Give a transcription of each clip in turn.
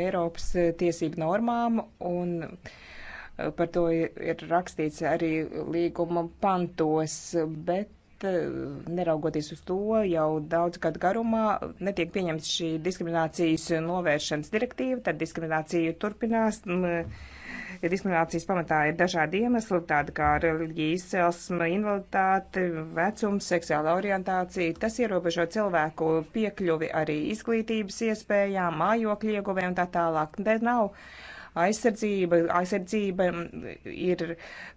Eiropas eh, tiesību normām, un eh, par to ir rakstīts arī līguma pantos, bet eh, neraugoties uz to, jau daudz gadu garumā netiek pieņemts šī diskriminācijas novēršanas direktīva, tad diskriminācija turpinās. Un, diskriminācijas pamatā ir dažādi iemesli, tādi kā reliģija izcelsme, invaliditāte, vecums, seksuāla orientācija. Tas ierobežo cilvēku piekļuvi arī izglītības iespējām, mājokļu ieguvē un tā tālāk. Te nav aizsardzība, aizsardzība ir,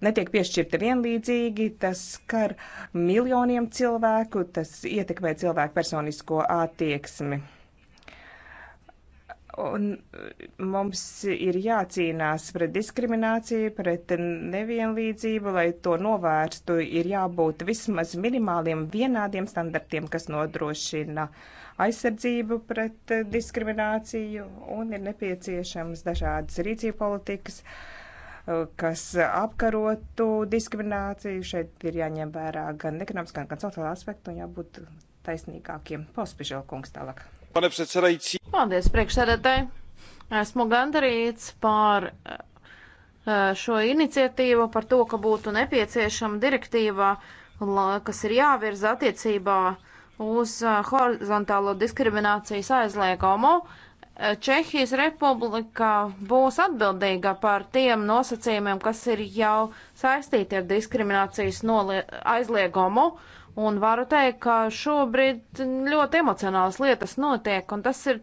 netiek piešķirta vienlīdzīgi, tas skar miljoniem cilvēku, tas ietekmē cilvēku personisko attieksmi. Un e, mums ir jācīnās pret diskrimināciju, pret nevienlīdzību, lai to novērstu, ir jābūt vismaz minimāliem vienādiem standartiem, kas nodrošina aizsardzību pret e, diskrimināciju, un ir nepieciešams dažādas rīcība politikas, e, kas apkarotu diskrimināciju. Šeit ir jāņem vērā gan ekonomiskā, gan sociālā aspekta un jābūt taisnīgākiem. Pauspižēl kungs tālāk. Pane predsedajci. Paldies, priekšsēdētāji. Esmu gandarīts par eh, šo iniciatīvu, par to, ka būtu nepieciešama direktīva, kas ir jāvirza attiecībā uz eh, horizontālo diskriminācijas aizliegumu. Eh, Čehijas republika būs atbildīga par tiem nosacījumiem, kas ir jau saistīti ar diskriminācijas aizliegumu. Uh, Un varu teikt, ka šobrīd ļoti emocionāls lietas notiek, un tas ir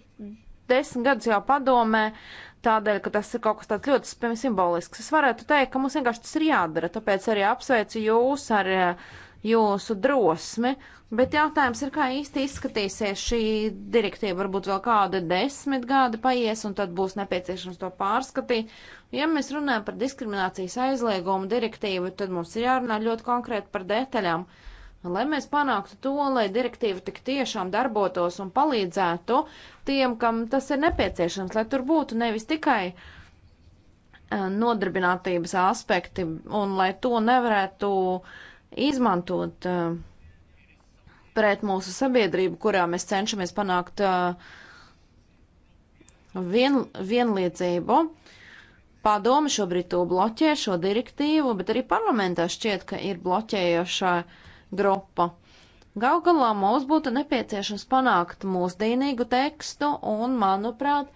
desmit gadus jau padomē, tādēļ, ka tas ir kaut kas tāds ļoti piemēram, simbolisks. Es varētu teikt, ka mums vienkārši tas ir jādara, tāpēc arī apsveicu jūs ar eh, jūsu drosmi, bet jautājums ir, kā īsti izskatīsies šī direktīva, varbūt vēl kāda desmit gadi paies, un tad būs nepieciešams to pārskatīt. Ja mēs runājam par diskriminācijas aizliegumu direktīvu, tad mums ir jārunā ļoti konkrēti par detaļām. Uh, Lai mēs panāktu to, lai direktīva tik tiešām darbotos un palīdzētu tiem, kam tas ir nepieciešams, lai tur būtu nevis tikai eh, nodarbinātības aspekti un lai to nevarētu izmantot eh, pret mūsu sabiedrību, kurā mēs cenšamies panākt eh, vien, vienlīdzību. Padome šobrīd to bloķē, šo direktīvu, bet arī parlamentā šķiet, ka ir bloķējoša uh, grupa. Gau galā mums būtu nepieciešams panākt mūsdienīgu tekstu, un, manuprāt,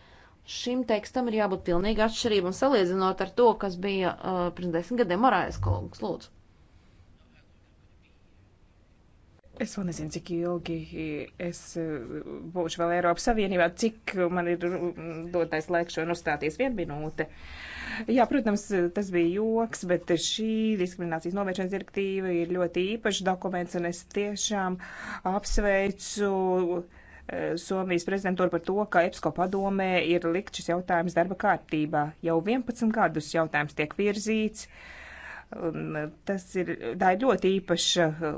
šim tekstam ir jābūt pilnīgi atšķirībam salīdzinot ar to, kas bija uh, pirms desmit gadiem Marājas kungs. Lūdzu! Es vēl nezinu, cik ilgi es eh, būšu vēl Eiropas Savienībā, cik man ir dotais laiks šodien uzstāties vienu minūte. Jā, protams, tas bija joks, bet šī diskriminācijas novēršanas direktīva ir ļoti īpašs dokuments, un es tiešām apsveicu eh, Somijas prezidentūru par to, ka EPSCO padomē ir likt šis jautājums darba kārtībā. Jau 11 gadus jautājums tiek virzīts. Uh, E, tas ir, tā ir ļoti īpaša e,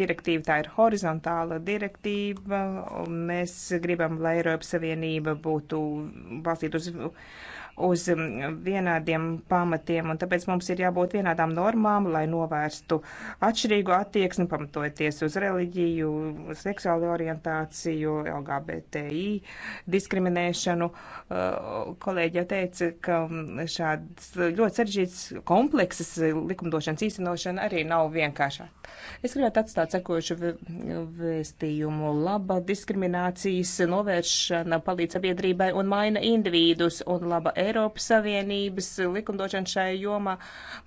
direktīva, tā ir horizontāla direktīva, un mēs gribam, lai Eiropas Savienība būtu balstīta uz uz um, vienādiem pamatiem, un tāpēc mums ir jābūt vienādām normām, lai novērstu atšķirīgu attieksmi, pamatojoties uz reliģiju, seksuālu orientāciju, LGBTI diskriminēšanu. Uh, kolēģi jau teica, ka um, šāds ļoti saržģīts komplekses likumdošanas īstenošana arī nav vienkāršā. Es gribētu atstāt sekojušu vēstījumu. Laba diskriminācijas novēršana palīdz sabiedrībai un maina individus, un laba Eiropas Savienības likumdošana šajā jomā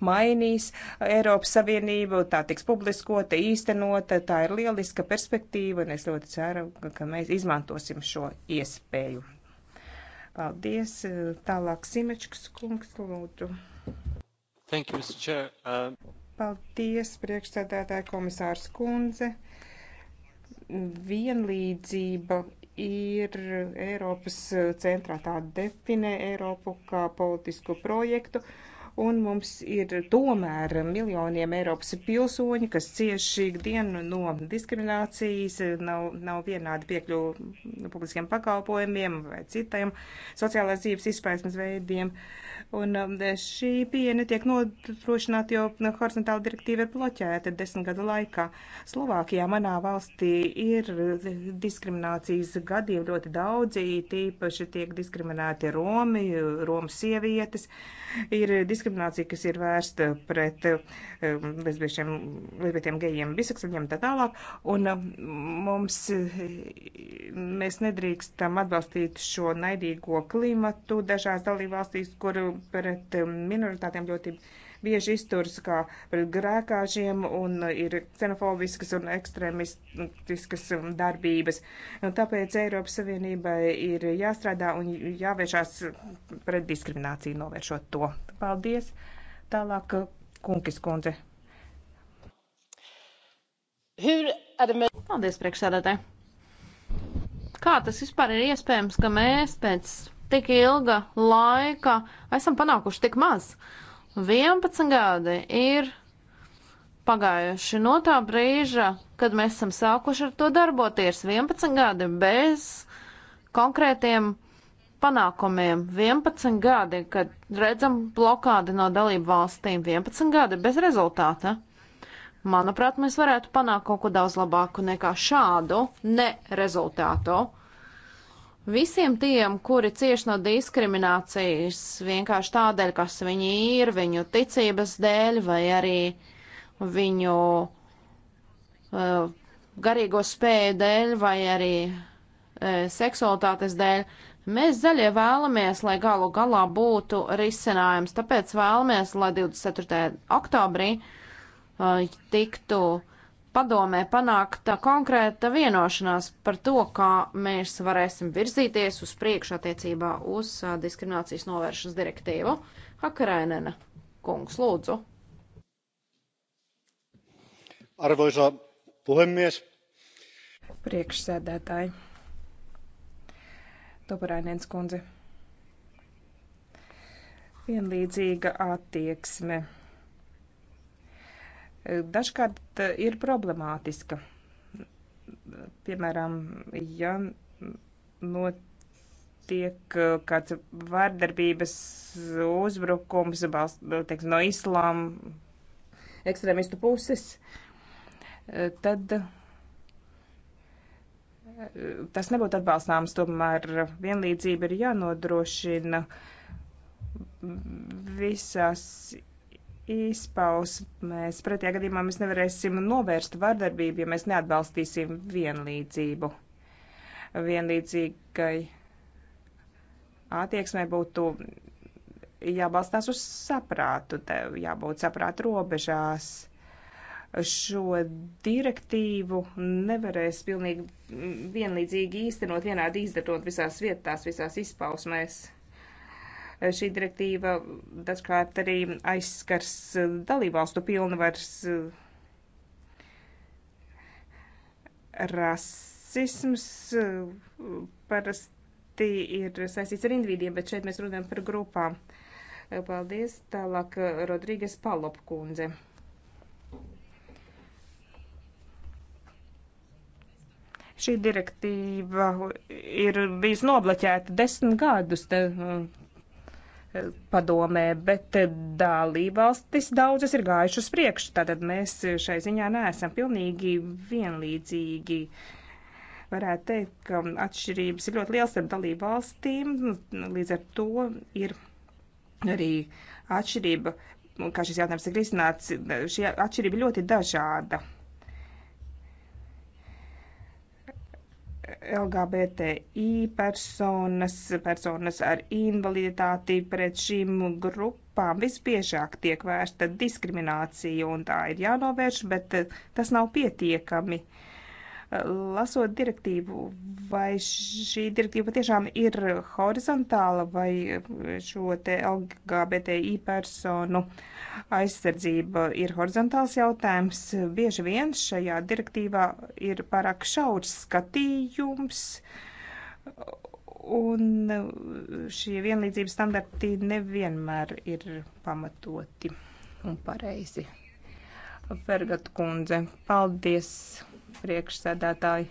mainīs Eiropas Savienību, tā tiks publiskota, īstenota, tā ir lieliska perspektīva, un es ļoti ceru, ka mēs izmantosim šo iespēju. Paldies. Tālāk Simečkas kungs, lūdzu. Thank you, Mr. Chair. Uh... Paldies, priekšsēdētāja komisārs kundze vienlīdzība ir Eiropas centrā. Tā definē Eiropu kā politisku projektu un mums ir tomēr miljoniem Eiropas pilsoņi, kas cieši ikdienu no diskriminācijas, nav, nav vienādi piekļuvu publiskiem pakalpojumiem vai citiem sociālās dzīves izpaismes veidiem. Un um, šī pieeja netiek nodrošināta, jo horizontāla direktīva ir bloķēta desmit gadu laikā. Slovākijā manā valstī ir diskriminācijas gadiem ļoti daudzi, tīpaši tiek diskriminēti Romi, Romas sievietes, ir diskriminēti diskriminācija, kas ir vērsta pret um, lesbiešiem, lesbietiem, gejiem, biseksuļiem tā tālāk. Un um, mums, mēs nedrīkstam atbalstīt šo naidīgo klimatu dažās dalībvalstīs, kur pret um, minoritātiem ļoti. Ļautība bieži izturas kā pret grēkāžiem un ir ksenofobiskas un ekstremistiskas darbības. Nu, tāpēc Eiropas Savienībai ir jāstrādā un jāvēršās pret diskrimināciju novēršot to. Paldies! Tālāk Kunkis kundze. Paldies, priekšsēdētāji! Kā tas vispār ir iespējams, ka mēs pēc tik ilga laika esam panākuši tik maz? Uh, 11 gadi ir pagājuši no tā brīža, kad mēs esam sākuši ar to darboties. 11 gadi bez konkrētiem panākumiem, 11 gadi, kad redzam blokādi no dalību valstīm, 11 gadi bez rezultāta. Manuprāt, mēs varētu panākt kaut ko daudz labāku nekā šādu ne rezultātu. Visiem tiem, kuri cieš no diskriminācijas vienkārši tādēļ, kas viņi ir, viņu ticības dēļ vai arī viņu uh, garīgo spēju dēļ vai arī uh, seksualitātes dēļ, mēs zaļie vēlamies, lai galu galā būtu risinājums. Tāpēc vēlamies, lai 24. oktobrī uh, tiktu padomē panākta uh, konkrēta vienošanās par to, kā mēs varēsim virzīties uz priekšu attiecībā uz uh, diskriminācijas novēršanas direktīvu. Hakarainena kungs, lūdzu. Arvoisa puhemies. Priekšsēdētāji. Toparainens kundze. Vienlīdzīga attieksme dažkārt e, ir problemātiska. Piemēram, ja notiek e, kāds vārdarbības uzbrukums teiks, no islām ekstrēmistu puses, e, tad tas nebūtu atbalstāms. Tomēr vienlīdzība ir jānodrošina visās izpausmēs. Pretējā gadījumā mēs nevarēsim novērst vardarbību, ja mēs neatbalstīsim vienlīdzību. Vienlīdzīgai attieksmē būtu jābalstās uz saprātu, jābūt saprāta robežās šo direktīvu nevarēs pilnīgi vienlīdzīgi īstenot, vienādi izdarot visās vietās, visās izpausmēs. Šī direktīva dažkārt arī aizskars eh, dalībvalstu pilnvars eh, rasisms eh, parasti ir saistīts ar individiem, bet šeit mēs runājam par grupām. Paldies. Tālāk Rodrīgas Palopkundze. šī direktīva ir bijusi noblaķēta desmit gadus. Te, padomē, bet eh, dalībvalstis daudzas ir gājušas priekš, tātad mēs šai ziņā neesam pilnīgi vienlīdzīgi. Varētu teikt, ka atšķirības ir ļoti liels starp dalībvalstīm, līdz ar to ir arī atšķirība, kā šis jautājums ir risināts, šī atšķirība ļoti dažāda. LGBTI personas, personas ar invaliditāti pret šīm grupām visbiežāk tiek vērsta diskriminācija, un tā ir jānovērš, bet tas nav pietiekami. Uh, lasot direktīvu, vai šī direktīva tiešām ir horizontāla vai šo te LGBTI personu aizsardzība ir horizontāls jautājums. Bieži vien šajā direktīvā ir pārāk šaurs skatījums. Un šie vienlīdzības standarti nevienmēr ir pamatoti un pareizi. Fergat kundze, paldies! priekšsēdētāji.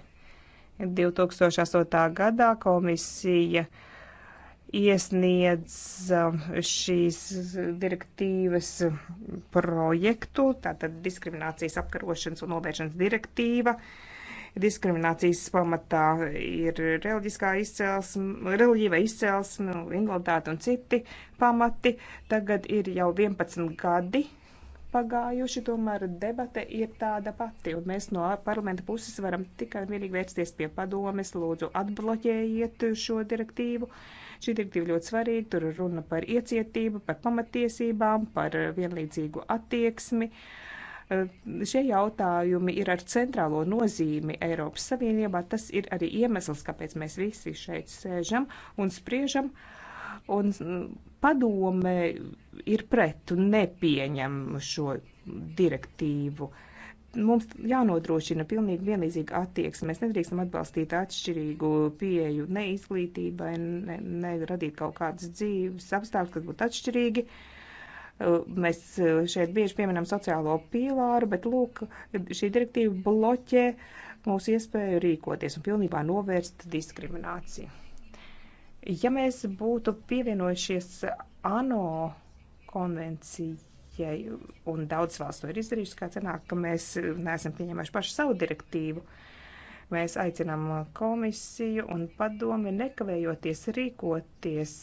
2008. gadā komisija iesniedz um, šīs direktīvas projektu, tātad diskriminācijas apkarošanas un novēršanas direktīva. Diskriminācijas pamatā ir reliģiskā izcelsme, reliģīva izcelsme, invaliditāte un citi pamati. Tagad ir jau 11 gadi pagājuši, tomēr debate ir tāda pati, un mēs no parlamenta puses varam tikai un vienīgi vērsties pie padomes, lūdzu atbloķējiet šo direktīvu. Šī direktīva ļoti svarīga, tur runa par iecietību, par pamatiesībām, par vienlīdzīgu attieksmi. Eh, šie jautājumi ir ar centrālo nozīmi Eiropas Savienībā. Tas ir arī iemesls, kāpēc mēs visi šeit sēžam un spriežam. Uh, un mm, padome ir pret un nepieņem šo direktīvu. Mums jānodrošina pilnīgi vienlīdzīga attieksme. Mēs nedrīkstam atbalstīt atšķirīgu pieju ne izglītībai, ne, ne radīt kaut kādas dzīves apstākļus, kas būtu atšķirīgi. Uh, mēs uh, šeit bieži pieminam sociālo pīlāru, bet lūk, šī direktīva bloķē mūsu iespēju rīkoties un pilnībā novērst diskrimināciju. Ja mēs būtu pievienojušies ANO konvencijai, un daudz valsts to ir izdarījuši, kā cenāk, ka mēs neesam pieņēmuši pašu savu direktīvu, mēs aicinām komisiju un padomi nekavējoties rīkoties,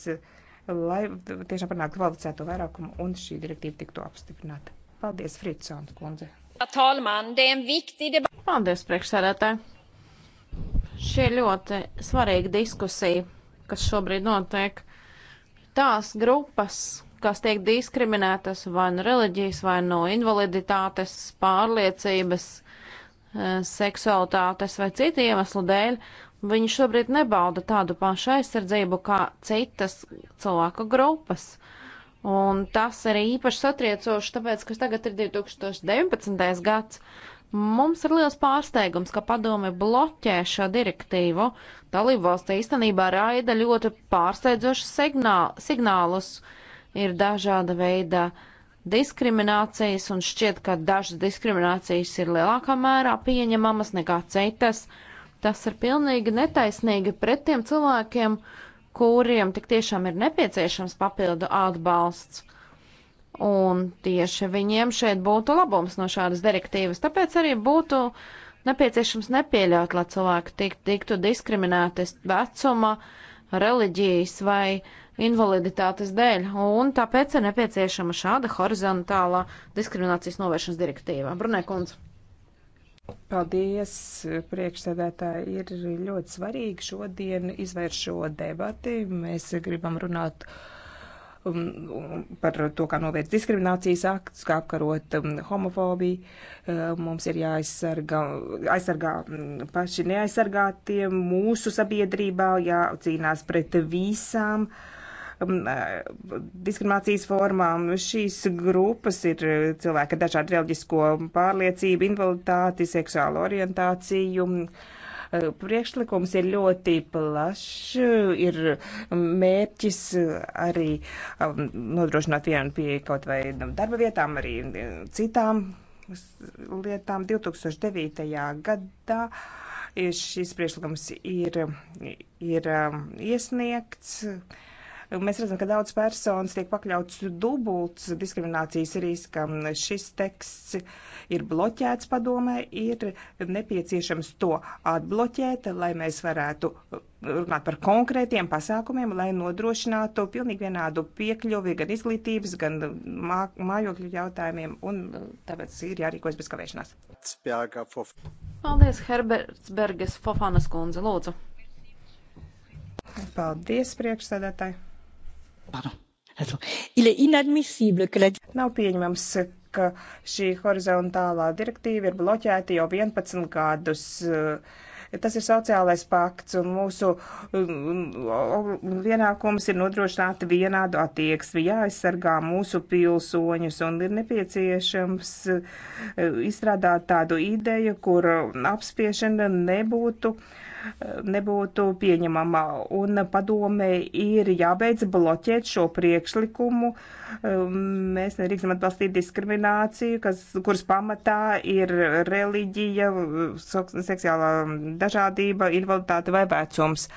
lai tiešām panāktu kvalificēto vairākumu un šī direktīva tiktu apstiprināta. Paldies, Fritsons kundze. Paldies, priekšsēdētāji. Šī ir ļoti svarīga diskusija kas šobrīd notiek. Tās grupas, kas tiek diskriminētas vai no nu reliģijas, vai no nu invaliditātes, pārliecības, eh, seksualitātes vai citu iemeslu dēļ, viņi šobrīd nebauda tādu pašu aizsardzību kā citas cilvēku grupas. Un tas arī īpaši satriecoši, tāpēc, ka tagad ir 2019. gads, Mums ir liels pārsteigums, ka padome bloķē šo direktīvu. Dalībvalstī īstenībā raida ļoti pārsteidzošus signāl, signālus. Ir dažāda veida diskriminācijas, un šķiet, ka dažas diskriminācijas ir lielākā mērā pieņemamas nekā citas. Tas ir pilnīgi netaisnīgi pret tiem cilvēkiem, kuriem tik tiešām ir nepieciešams papildu atbalsts. Un tieši viņiem šeit būtu labums no šādas direktīvas. Tāpēc arī būtu nepieciešams nepieļaut, lai cilvēki tikt, tiktu diskriminēti vecuma, reliģijas vai invaliditātes dēļ. Un tāpēc ir nepieciešama šāda horizontālā diskriminācijas novēršanas direktīva. Brunē kundze. Paldies, priekšsēdētāji. Ir ļoti svarīgi šodien izvērst šo debati. Mēs gribam runāt par Um, um, par to, kā novērst diskriminācijas aktus, kā apkarot um, homofobiju. Uh, mums ir jāaizsargā aizsargā paši neaizsargātie mūsu sabiedrībā, jācīnās pret visām uh, diskriminācijas formām. Šīs grupas ir cilvēki ar dažādu reliģisko pārliecību, invaliditāti, seksuālu orientāciju Eh, priekšlikums ir ļoti plašs, ir mērķis eh, arī um, nodrošināt vienu pie kaut vai darba vietām, arī eh, citām lietām. 2009. gadā šis priekšlikums ir, ir um, iesniegts Mēs redzam, ka daudz personas tiek pakļauts dubults diskriminācijas riskam. Šis teksts ir bloķēts padomē, ir nepieciešams to atbloķēt, lai mēs varētu runāt par konkrētiem pasākumiem, lai nodrošinātu pilnīgi vienādu piekļuvi gan izglītības, gan mā, mājokļu jautājumiem, un tāpēc ir jārīkojas bez kavēšanās. Paldies, Herberts Berges, Fofanas kundze, lūdzu. Paldies, priekšsēdētāji. Nav pieņemams, ka šī horizontālā direktīva ir bloķēta jau 11 gadus. Tas ir sociālais pakts, un mūsu pienākums um, ir nodrošināt vienādu attieksmi, jāaizsargā mūsu pilsoņus, un ir nepieciešams uh, izstrādāt tādu ideju, kur apspiešana nebūtu uh, nebūtu pieņemama. Un padome ir jābeidz bloķēt šo priekšlikumu. Um, mēs nedrīkstam atbalstīt diskrimināciju, kas, kuras pamatā ir reliģija, seksuālā dažādība, invaliditāte vai vecums.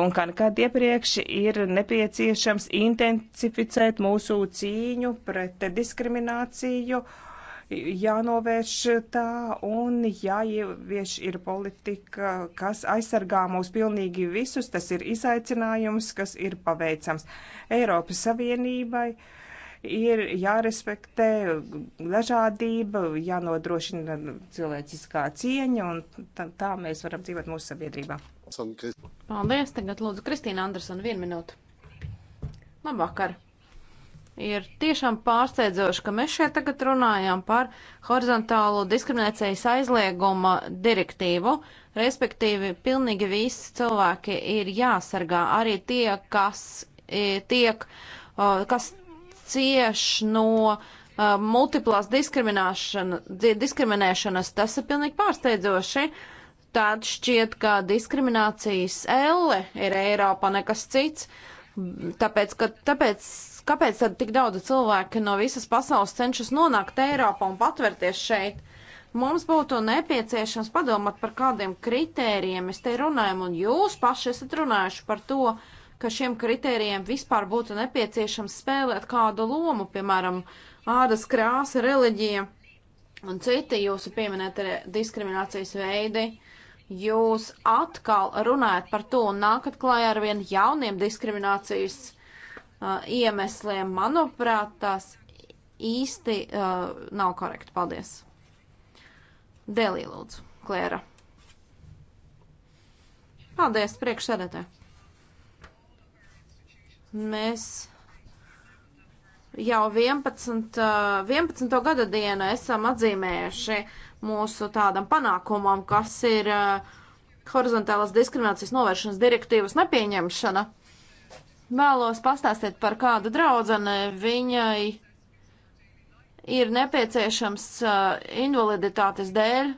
Un kā nekad iepriekš ir nepieciešams intensificēt mūsu cīņu pret diskrimināciju. Uh, jānovērš tā un jāievieš ir politika, kas aizsargā mūs pilnīgi visus. Tas ir izaicinājums, kas ir paveicams Eiropas Savienībai. Ir jārespektē dažādība, jānodrošina cilvēciskā cieņa, un tā, tā mēs varam dzīvot mūsu sabiedrībā. Paldies! Tagad lūdzu Kristīna Andersona vienu minūtu. Labvakar! Ir tiešām pārsteidzoši, ka mēs šeit tagad runājam par horizontālo diskriminācijas aizlieguma direktīvu, respektīvi pilnīgi visi cilvēki ir jāsargā, arī tie, kas e, tiek, kas cieš no e, multiplās diskriminēšanas, tas ir pilnīgi pārsteidzoši. Tād šķiet, ka diskriminācijas elle ir Eiropa nekas cits, tāpēc, ka, tāpēc Kāpēc tad tik daudz cilvēki no visas pasaules cenšas nonākt Eiropā un patvērties šeit? Mums būtu nepieciešams padomāt par kādiem kritērijiem. Mēs te runājam, un jūs paši esat runājuši par to, ka šiem kritērijiem vispār būtu nepieciešams spēlēt kādu lomu, piemēram, ādas krāsa, reliģija un citi jūsu pieminētie diskriminācijas veidi. Jūs atkal runājat par to un nākat klājā ar vien jauniem diskriminācijas uh, iemesliem, manuprāt, tās īsti uh, nav korekti. Paldies. Delī, lūdzu, Klēra. Paldies, priekšsēdētē. Mēs jau 11, 11. Uh, gada dienu esam atzīmējuši mūsu tādam panākumam, kas ir uh, horizontālās diskriminācijas novēršanas direktīvas nepieņemšana. Vēlos pastāstīt par kādu draudzeni. Viņai ir nepieciešams uh, invaliditātes dēļ uh,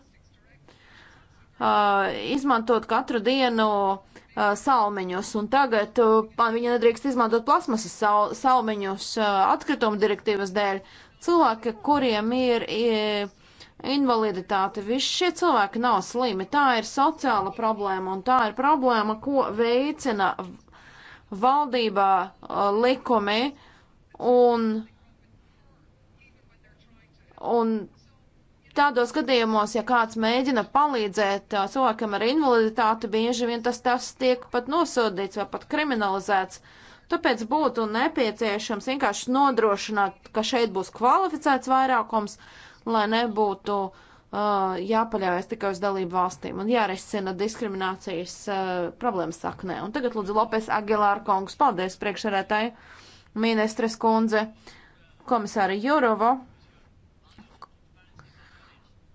izmantot katru dienu uh, salmiņus, un tagad uh, viņa nedrīkst izmantot plasmasas sal salmiņus uh, atkrituma direktīvas dēļ. Cilvēki, kuriem ir uh, invaliditāte, visi šie cilvēki nav slimi. Tā ir sociāla problēma, un tā ir problēma, ko veicina valdībā uh, likumi un, un tādos gadījumos, ja kāds mēģina palīdzēt uh, cilvēkam ar invaliditāti, bieži vien tas, tas tiek pat nosodīts vai pat kriminalizēts. Tāpēc būtu nepieciešams vienkārši nodrošināt, ka šeit būs kvalificēts vairākums, lai nebūtu uh, uh, jāpaļaujas tikai uz dalību valstīm un jārisina diskriminācijas uh, problēmas saknē. Un tagad, lūdzu, Lopes Agilāra kungs, paldies priekšsarētāji, ministres kundze, komisāri Jurovo.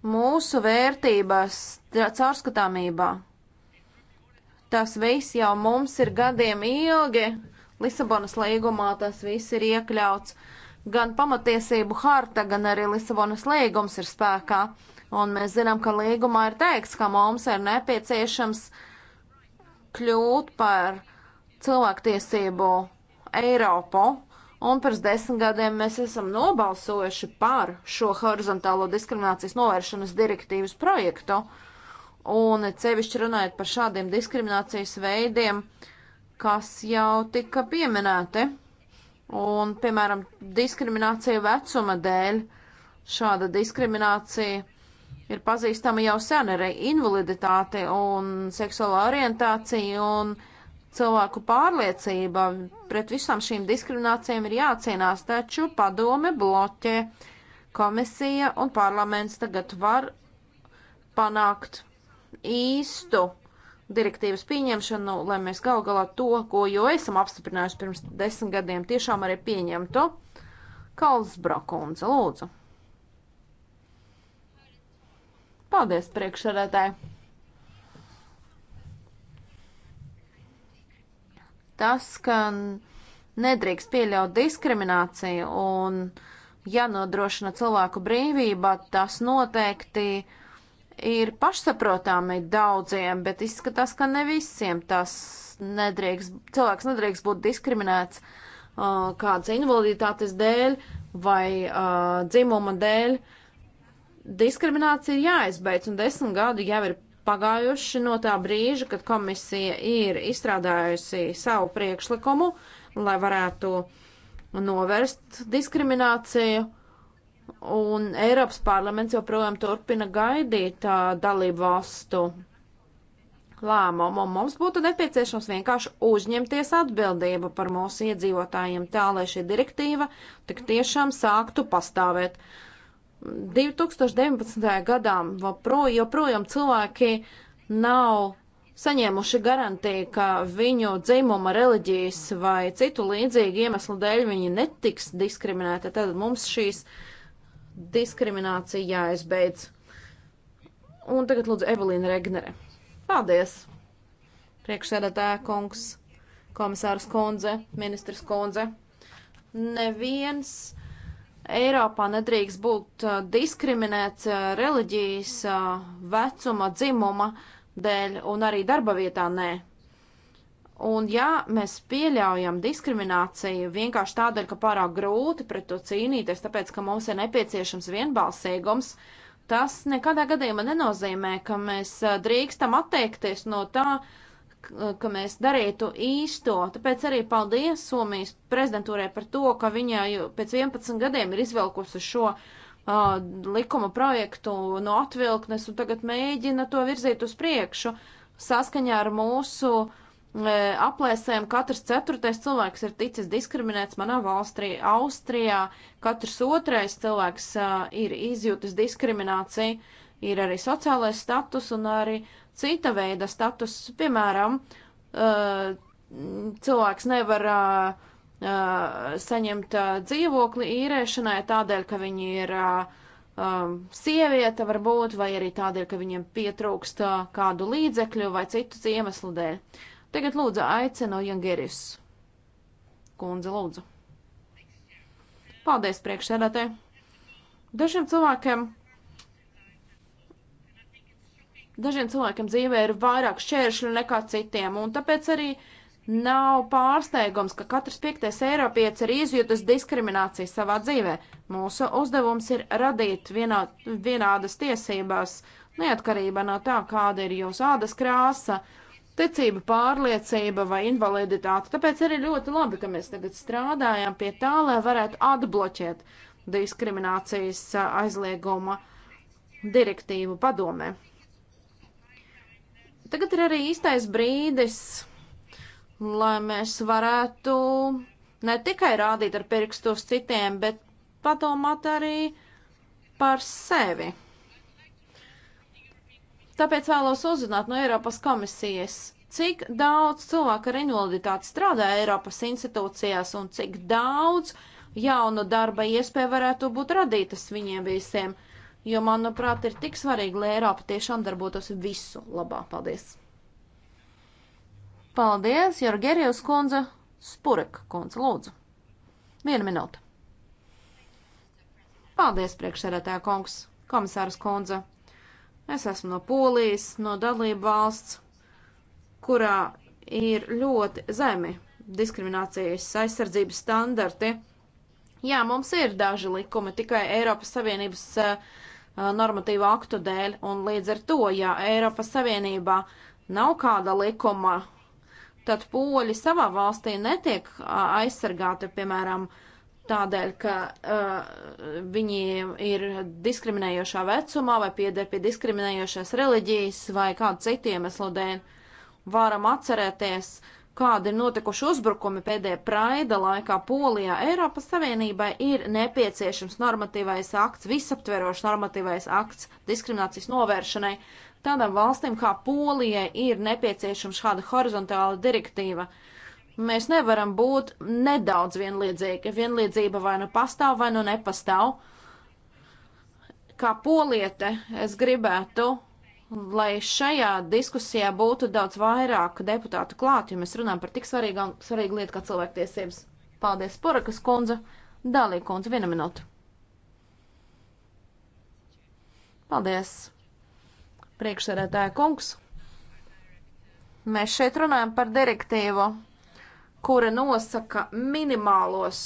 Mūsu vērtības caurskatāmībā. Tas viss jau mums ir gadiem ilgi. Lisabonas līgumā tas viss ir iekļauts. Gan pamatiesību harta, gan arī Lisabonas līgums ir spēkā. Uh, Un mēs zinām, ka līgumā ir teikts, ka mums ir nepieciešams kļūt par cilvēktiesību Eiropu. Un pirms desmit gadiem mēs esam nobalsojuši par šo horizontālo diskriminācijas novēršanas direktīvas projektu. Un cevišķi runājot par šādiem diskriminācijas veidiem, kas jau tika pieminēti. Un, piemēram, diskriminācija vecuma dēļ. Šāda diskriminācija ir pazīstama jau sen arī invaliditāte un seksuālā orientācija un cilvēku pārliecība. Pret visām šīm diskriminācijām ir jācīnās, taču padome bloķē, komisija un parlaments tagad var panākt īstu direktīvas pieņemšanu, lai mēs gal galā to, ko jau esam apstiprinājuši pirms desmit gadiem, tiešām arī pieņemtu. Kalsbrakundze, lūdzu. Paldies, priekšsēdētāji! Tas, ka nedrīkst pieļaut diskrimināciju un jānodrošina cilvēku brīvība, tas noteikti ir pašsaprotami daudziem, bet izskatās, ka ne visiem tas nedrīkst, cilvēks nedrīkst būt diskriminēts uh, kādas invaliditātes dēļ vai uh, dzimuma dēļ. Uh, diskriminācija ir jāizbeidz, un desmit gadi jau ir pagājuši no tā brīža, kad komisija ir izstrādājusi savu priekšlikumu, lai varētu novērst diskrimināciju. Un Eiropas parlaments joprojām turpina gaidīt uh, dalību valstu lēmumu. Mums būtu nepieciešams vienkārši uzņemties atbildību par mūsu iedzīvotājiem tā, lai šī direktīva tik tiešām sāktu pastāvēt. Uh, 2019. gadā joprojām cilvēki nav saņēmuši garantiju, ka viņu dzimuma, reliģijas vai citu līdzīgu iemeslu dēļ viņi netiks diskriminēti. Tad mums šīs diskriminācija jāizbeidz. Un tagad lūdzu Evelīna Regnere. Paldies! Priekšsēdētāja kungs, komisārs kundze, ministrs kundze. Neviens Eiropā nedrīkst būt uh, diskriminēts uh, reliģijas, uh, vecuma, dzimuma dēļ un arī darba vietā nē. Un ja mēs pieļaujam diskrimināciju vienkārši tādēļ, ka pārāk grūti pret to cīnīties, tāpēc, ka mums ir nepieciešams vienbalsīgums, tas nekādā gadījumā nenozīmē, ka mēs drīkstam atteikties no tā, uh, ka mēs darītu īsto. Tāpēc arī paldies Somijas prezidentūrai par to, ka viņa pēc 11 gadiem ir izvelkusi šo uh, likuma projektu no atvilknes un tagad mēģina to virzīt uz priekšu. Saskaņā ar mūsu uh, aplēsēm katrs ceturtais cilvēks ir ticis diskriminēts manā valstī, Austrijā. Katrs otrais cilvēks uh, ir izjūtas diskrimināciju, ir arī sociālais status un arī uh, cita veida status, piemēram, eh, cilvēks nevar eh, eh, saņemt dzīvokli īrēšanai tādēļ, ka viņi ir sieviete varbūt, vai arī tādēļ, ka viņiem pietrūkst kādu līdzekļu vai citu iemeslu dēļ. Tagad lūdzu aicinu Jangeris. Kundze, lūdzu. Paldies priekšsēdētē. Dažiem cilvēkiem Dažiem cilvēkiem dzīvē ir vairāk šķēršļu nekā citiem, un tāpēc arī nav pārsteigums, ka katrs piektais eiropietis ir izjūtas diskrimināciju savā dzīvē. Mūsu uzdevums ir radīt vienā, vienādas tiesībās, neatkarībā no tā, kāda ir jūsu ādas krāsa, ticība, pārliecība vai invaliditāte. Tāpēc arī ļoti labi, ka mēs tagad strādājam pie tā, lai varētu atbloķēt diskriminācijas aizlieguma direktīvu padomē. Tagad ir arī īstais brīdis, lai mēs varētu ne tikai rādīt ar pirkstu uz citiem, bet padomāt arī par sevi. Tāpēc vēlos uzzināt no Eiropas komisijas, cik daudz cilvēku ar invaliditāti strādā Eiropas institūcijās un cik daudz jaunu darba iespēju varētu būt radītas viņiem visiem. Uh, jo, manuprāt, ir tik svarīgi, lai Eiropa tiešām darbotos visu labā. Paldies! Paldies, Jorgerijos kundze, Spureka kundze, lūdzu. Vienu minūtu. Paldies, priekšsēdētāja kungs, komisāras kundze. Es esmu no Polijas, no dalību valsts, kurā ir ļoti zemi diskriminācijas aizsardzības standarti. Jā, mums ir daži likumi tikai Eiropas Savienības uh, Uh, normatīvu aktu dēļ, un līdz ar to, ja Eiropas Savienībā nav kāda likuma, tad poļi savā valstī netiek uh, aizsargāti, piemēram, tādēļ, ka uh, viņi ir diskriminējošā vecumā vai pieder pie diskriminējošās reliģijas vai kādu citu iemeslu dēļ. Varam atcerēties uh, kādi ir notikuši uzbrukumi pēdējā praida laikā Polijā, Eiropas Savienībai ir nepieciešams normatīvais akts, visaptverošs normatīvais akts diskriminācijas novēršanai. Tādām valstīm kā Polijai ir nepieciešama šāda horizontāla direktīva. Mēs nevaram būt nedaudz vienlīdzīgi. Vienlīdzība vai nu pastāv, vai nu nepastāv. Kā poliete, es gribētu lai šajā diskusijā būtu daudz vairāk deputātu klāt, jo mēs runājam par tik svarīgu, svarīgu lietu kā cilvēktiesības. Paldies, Porakas kundze, Dālī kundze, viena minūte. Paldies, priekšsēdētāja kungs. Mēs šeit runājam par direktīvu, kura nosaka minimālos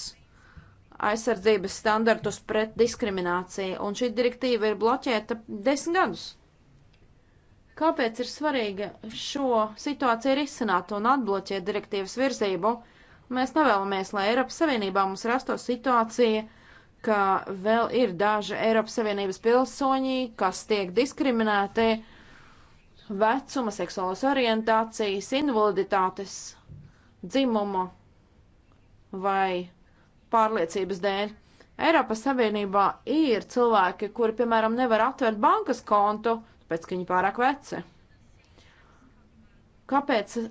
aizsardzības standartus pret diskrimināciju, un šī direktīva ir bloķēta desmit gadus. Kāpēc ir svarīgi šo situāciju risināt un atbloķēt direktīvas virzību? Mēs nevēlamies, lai Eiropas Savienībā mums rastos situācija, ka vēl ir daži Eiropas Savienības pilsoņi, kas tiek diskriminēti vecuma, seksuālas orientācijas, invaliditātes, dzimuma vai pārliecības dēļ. Eiropas Savienībā ir cilvēki, kuri, piemēram, nevar atvērt bankas kontu tāpēc, ka viņi pārāk veci. Kāpēc uh,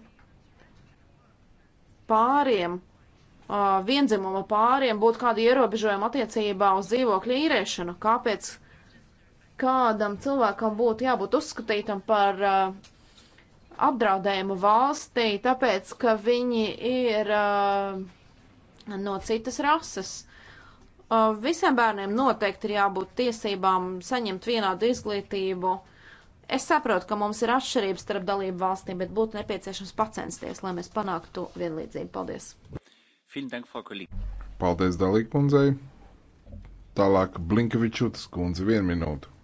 pāriem, uh, vienzimuma pāriem būtu kāda ierobežojuma attiecībā uz dzīvokļu īrēšanu? Kāpēc kādam cilvēkam būtu jābūt uzskatītam par uh, apdraudējumu valstī, tāpēc, ka viņi ir uh, no citas rases. Uh, visiem bērniem noteikti ir jābūt tiesībām saņemt vienādu izglītību. Uh, Es saprotu, ka mums ir atšķirības starp dalību valstīm, bet būtu nepieciešams pacensties, lai mēs panāktu vienlīdzību. Paldies! Paldies, Dalīka kundzei! Tālāk Blinkevičūtas kundze vienu minūtu.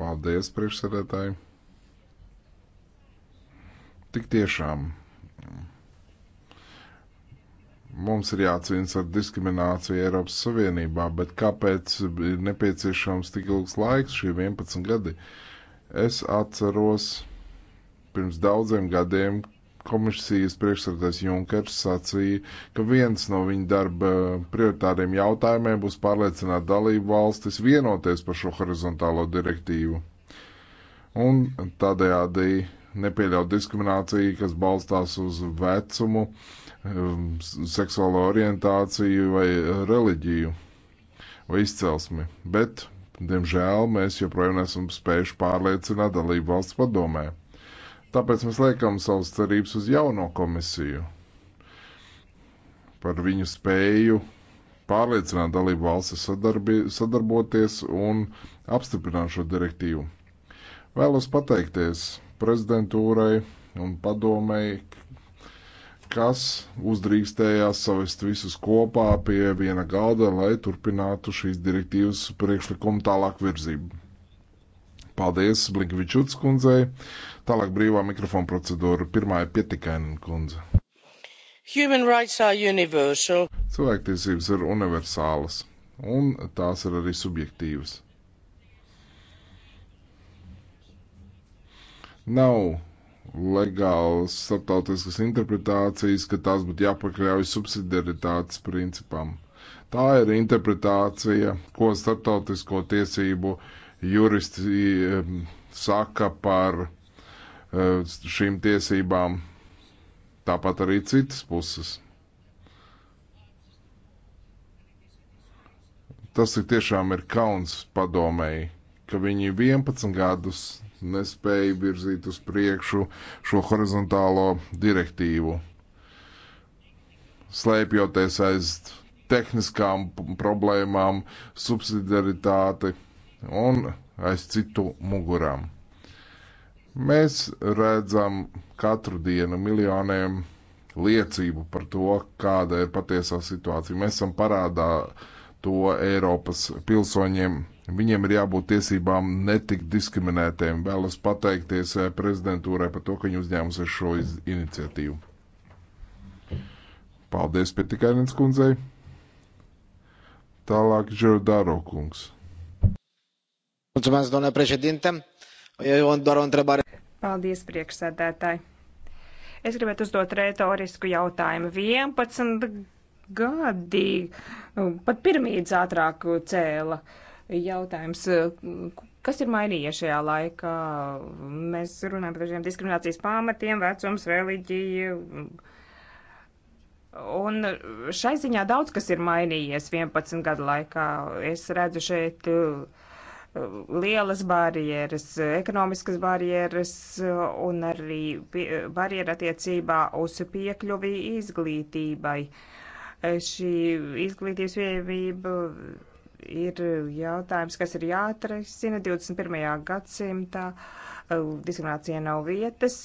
Paldies, priekšsēdētāji! Tik tiešām Mums ir jācīnās ar diskrimināciju Eiropas Savienībā, bet kāpēc ir nepieciešams tik ilgs laiks, šie 11 gadi? Es atceros, pirms daudziem gadiem komisijas priekšsēdētājs Junkers sacīja, ka viens no viņa darba prioritāriem jautājumiem būs pārliecināt dalību valstis vienoties par šo horizontālo direktīvu. Un tādējādi nepieļaut diskrimināciju, kas balstās uz vecumu, um, seksuālo orientāciju vai reliģiju vai izcelsmi. Bet, diemžēl, mēs joprojām nesam spējuši pārliecināt dalību valsts padomē. Tāpēc mēs liekam savas cerības uz jauno komisiju par viņu spēju pārliecināt dalību valstis sadarboties un apstiprināt šo direktīvu. Vēlos pateikties prezidentūrai un padomēji, kas uzdrīkstējās savest visus kopā pie viena galda, lai turpinātu šīs direktīvas priekšlikumu tālāk virzību. Paldies Blinkvičuts kundzei. Tālāk brīvā mikrofona procedūra. Pirmā ir pietikaina kundze. Cilvēktiesības ir universālas, un tās ir arī subjektīvas. Nav legālas starptautiskas interpretācijas, ka tās būtu jāpakļauj subsidiaritātes principam. Tā ir interpretācija, ko starptautisko tiesību juristi saka par eh, šīm tiesībām, tāpat arī citas puses. Tas tik tiešām ir kauns padomēji ka viņi 11 gadus nespēja virzīt uz priekšu šo horizontālo direktīvu, slēpjoties aiz tehniskām problēmām, subsidiaritāti un aiz citu mugurām. Mēs redzam katru dienu miljoniem liecību par to, kāda ir patiesā situācija. Mēs esam parādā to Eiropas pilsoņiem Viņiem ir jābūt tiesībām netikt diskriminētiem. Vēlos pateikties eh, prezidentūrai par to, ka viņi uzņēmusies šo iniciatīvu. Paldies, Pitikainens kundzei. Tālāk, Žerdāro kungs. Mulțumesc, domnule președinte. Eu doar o întrebare. Paldies, priekšsēdētāji. Es gribētu uzdot retorisku jautājumu. 11 gadi, nu, pat pirmīdz ātrāk cēla. Uh, jautājums. Kas ir mainījies šajā laikā? Mēs runājam par dažiem diskriminācijas pamatiem, vecums, reliģiju. Un šai ziņā daudz kas ir mainījies 11 gadu laikā. Es redzu šeit uh, lielas barjeras, ekonomiskas barjeras un arī barjera attiecībā uz piekļuvi izglītībai. Šī izglītības pieejamība ir jautājums, kas ir jāatrisina 21. gadsimtā. Diskriminācija nav vietas,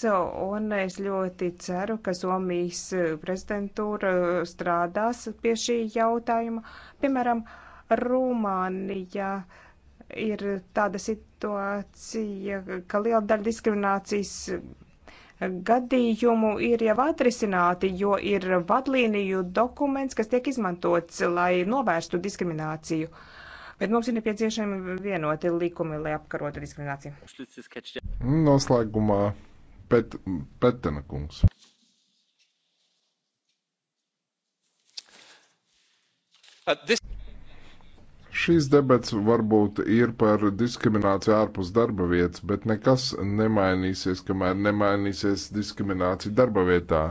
un es ļoti ceru, ka Somijas prezidentūra strādās pie šī jautājuma. Piemēram, Rumānijā ir tāda situācija, ka liela daļa diskriminācijas gadījumu ir jau atrisināti, jo ir vadlīniju dokuments, kas tiek izmantots, lai novērstu diskrimināciju. Bet mums ir nepieciešami vienoti likumi, lai apkarotu diskrimināciju. Noslēgumā pet, Petena kungs. Uh, this... Šīs debats varbūt ir par diskrimināciju ārpus darba vietas, bet nekas nemainīsies, kamēr nemainīsies diskriminācija darba vietā.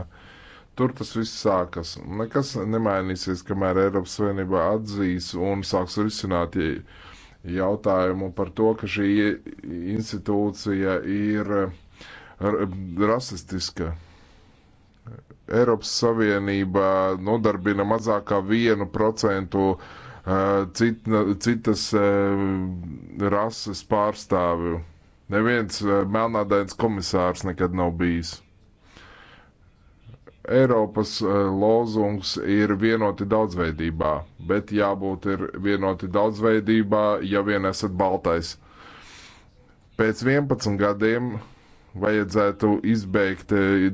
Tur tas viss sākas. Nekas nemainīsies, kamēr Eiropas Savienība atzīs un sāks risināt jautājumu par to, ka šī institūcija ir rasistiska. Eiropas Savienība nodarbina mazākā vienu procentu uh, cit, citas rases pārstāvju. Neviens melnādains komisārs nekad nav bijis. Eiropas lozungs ir vienoti daudzveidībā, bet jābūt ir vienoti daudzveidībā, ja vien esat baltais. Pēc 11 gadiem vajadzētu izbeigt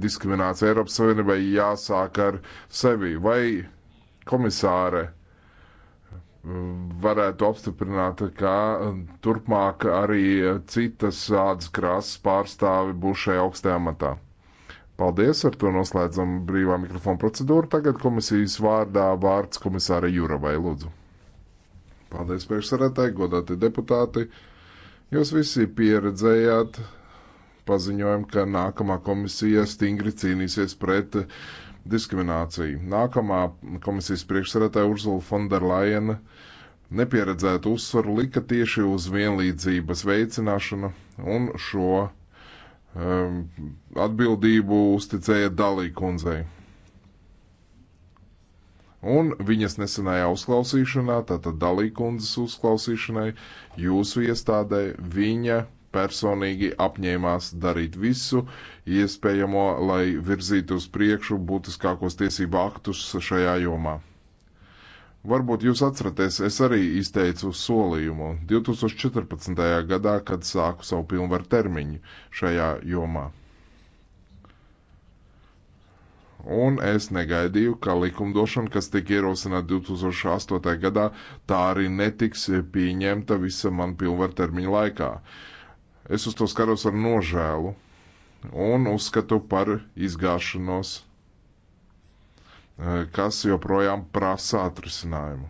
diskrimināciju Eiropas Savienībai, jāsāk ar sevi. Vai komisāre varētu apstiprināt, ka um, turpmāk arī citas ādas krāsas pārstāvi būs šajā augstajā matā. Paldies, ar to noslēdzam brīvā mikrofona procedūru. Tagad komisijas vārdā vārds komisāra Juravai Lūdzu. Paldies, priekšsarētāji, godāti deputāti. Jūs visi pieredzējāt paziņojumu, ka nākamā komisija stingri cīnīsies pret diskrimināciju. Nākamā komisijas priekšsēdētāja Urzula Fonderlaina nepieredzētu uzsvaru lika tieši uz vienlīdzības veicināšanu un šo um, atbildību uzticēja Dalī kundzei. Un viņas nesenajā uzklausīšanā, tātad Dalī kundzes uzklausīšanai, jūsu iestādē, viņa personīgi apņēmās darīt visu iespējamo, lai virzītu uz priekšu būtiskākos tiesību aktus šajā jomā. Varbūt jūs atceraties, es arī izteicu solījumu 2014. gadā, kad sāku savu pilnvaru termiņu šajā jomā. Un es negaidīju, ka likumdošana, kas tika ierosināta 2008. gadā, tā arī netiks pieņemta visa man pilnvaru termiņa laikā. Uh, Es uz to skatos ar nožēlu un uzskatu par izgāšanos, eh, kas joprojām prasa atrisinājumu.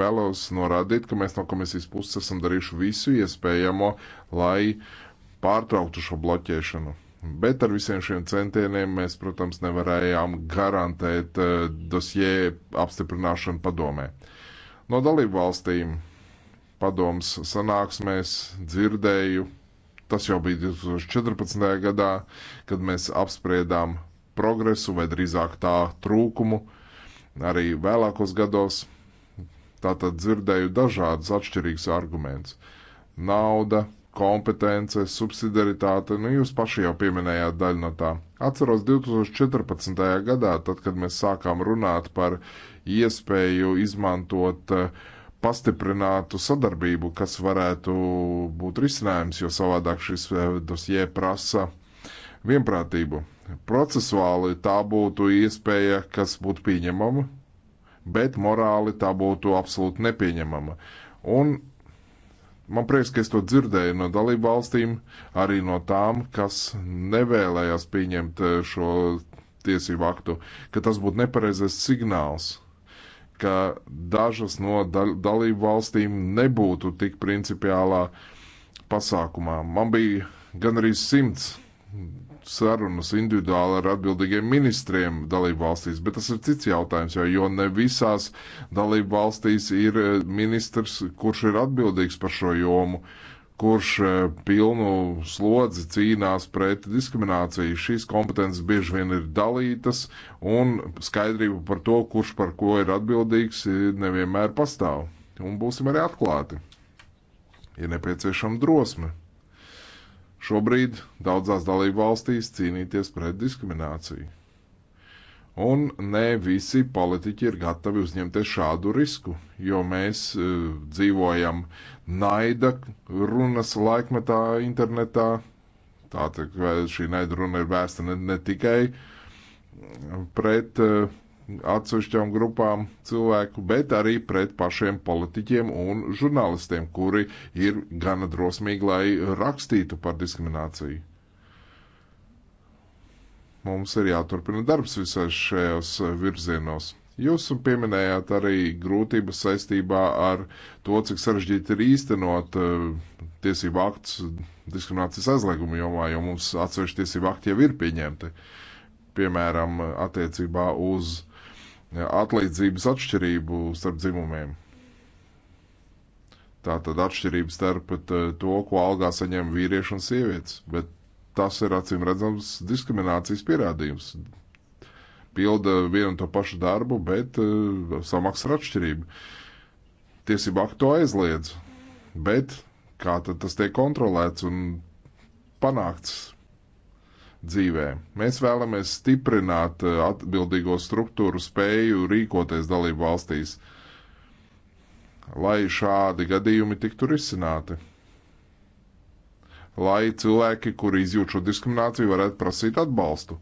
vēlos norādīt, ka mēs no komisijas puses esam darījuši visu iespējamo, lai pārtrauktu šo bloķēšanu. Bet ar visiem šiem centieniem mēs, protams, nevarējām garantēt eh, dosjē apstiprināšanu padomē. No dalību valstīm padoms sanāksmēs dzirdēju, tas jau bija 2014. gadā, kad mēs apspriedām progresu vai drīzāk tā trūkumu arī vēlākos gados. Tātad dzirdēju dažādus atšķirīgus argumentus. Nauda, kompetence, subsidiaritāte, nu jūs paši jau pieminējāt daļu no tā. Atceros 2014. gadā, tad, kad mēs sākām runāt par iespēju izmantot eh, pastiprinātu sadarbību, kas varētu būt risinājums, jo savādāk šis eh, dosie prasa vienprātību. Procesuāli tā būtu iespēja, kas būtu pieņemama, bet morāli tā būtu absolūti nepieņemama. Un Man prieks, ka es to dzirdēju no dalību valstīm, arī no tām, kas nevēlējās pieņemt eh, šo tiesību aktu, ka tas būtu nepareizais signāls, ka dažas no dalību valstīm nebūtu tik principiālā pasākumā. Man bija gan arī simts sarunas individuāli ar atbildīgiem ministriem dalību valstīs, bet tas ir cits jautājums, jo, jo ne visās dalību valstīs ir eh, ministrs, kurš ir atbildīgs par šo jomu, kurš eh, pilnu slodzi cīnās pret diskrimināciju. Šīs kompetences bieži vien ir dalītas, un skaidrība par to, kurš par ko ir atbildīgs, eh, nevienmēr pastāv. Un būsim arī atklāti. Ir nepieciešama drosme šobrīd daudzās dalību valstīs cīnīties pret diskrimināciju. Un ne visi politiķi ir gatavi uzņemties šādu risku, jo mēs uh, dzīvojam naida runas laikmetā internetā. Tātad šī naida runa ir vērsta ne, ne tikai pret uh, atsevišķām grupām cilvēku, bet arī pret pašiem politiķiem un žurnālistiem, kuri ir gana drosmīgi, lai rakstītu par diskrimināciju. Mums ir jāturpina darbs visos šajos virzienos. Jūs pieminējāt arī grūtības saistībā ar to, cik sarežģīti ir īstenot eh, tiesību aktus diskriminācijas aizlieguma jomā, jo mums atsevišķi tiesību akti jau ir pieņemti. Piemēram, attiecībā uz atlīdzības atšķirību starp dzimumiem. Tā tad atšķirība starp uh, to, ko algā saņem vīrieši un sievietes, bet tas ir acīm redzams diskriminācijas pierādījums. Pilda vienu un to pašu darbu, bet uh, samaksa ir atšķirība. Tiesība aktu aizliedz, bet kā tad tas tiek kontrolēts un panākts? dzīvē. Mēs vēlamies stiprināt eh, atbildīgo struktūru spēju rīkoties dalību valstīs, lai šādi gadījumi tiktu risināti. Lai cilvēki, kuri izjūt šo diskrimināciju, varētu prasīt atbalstu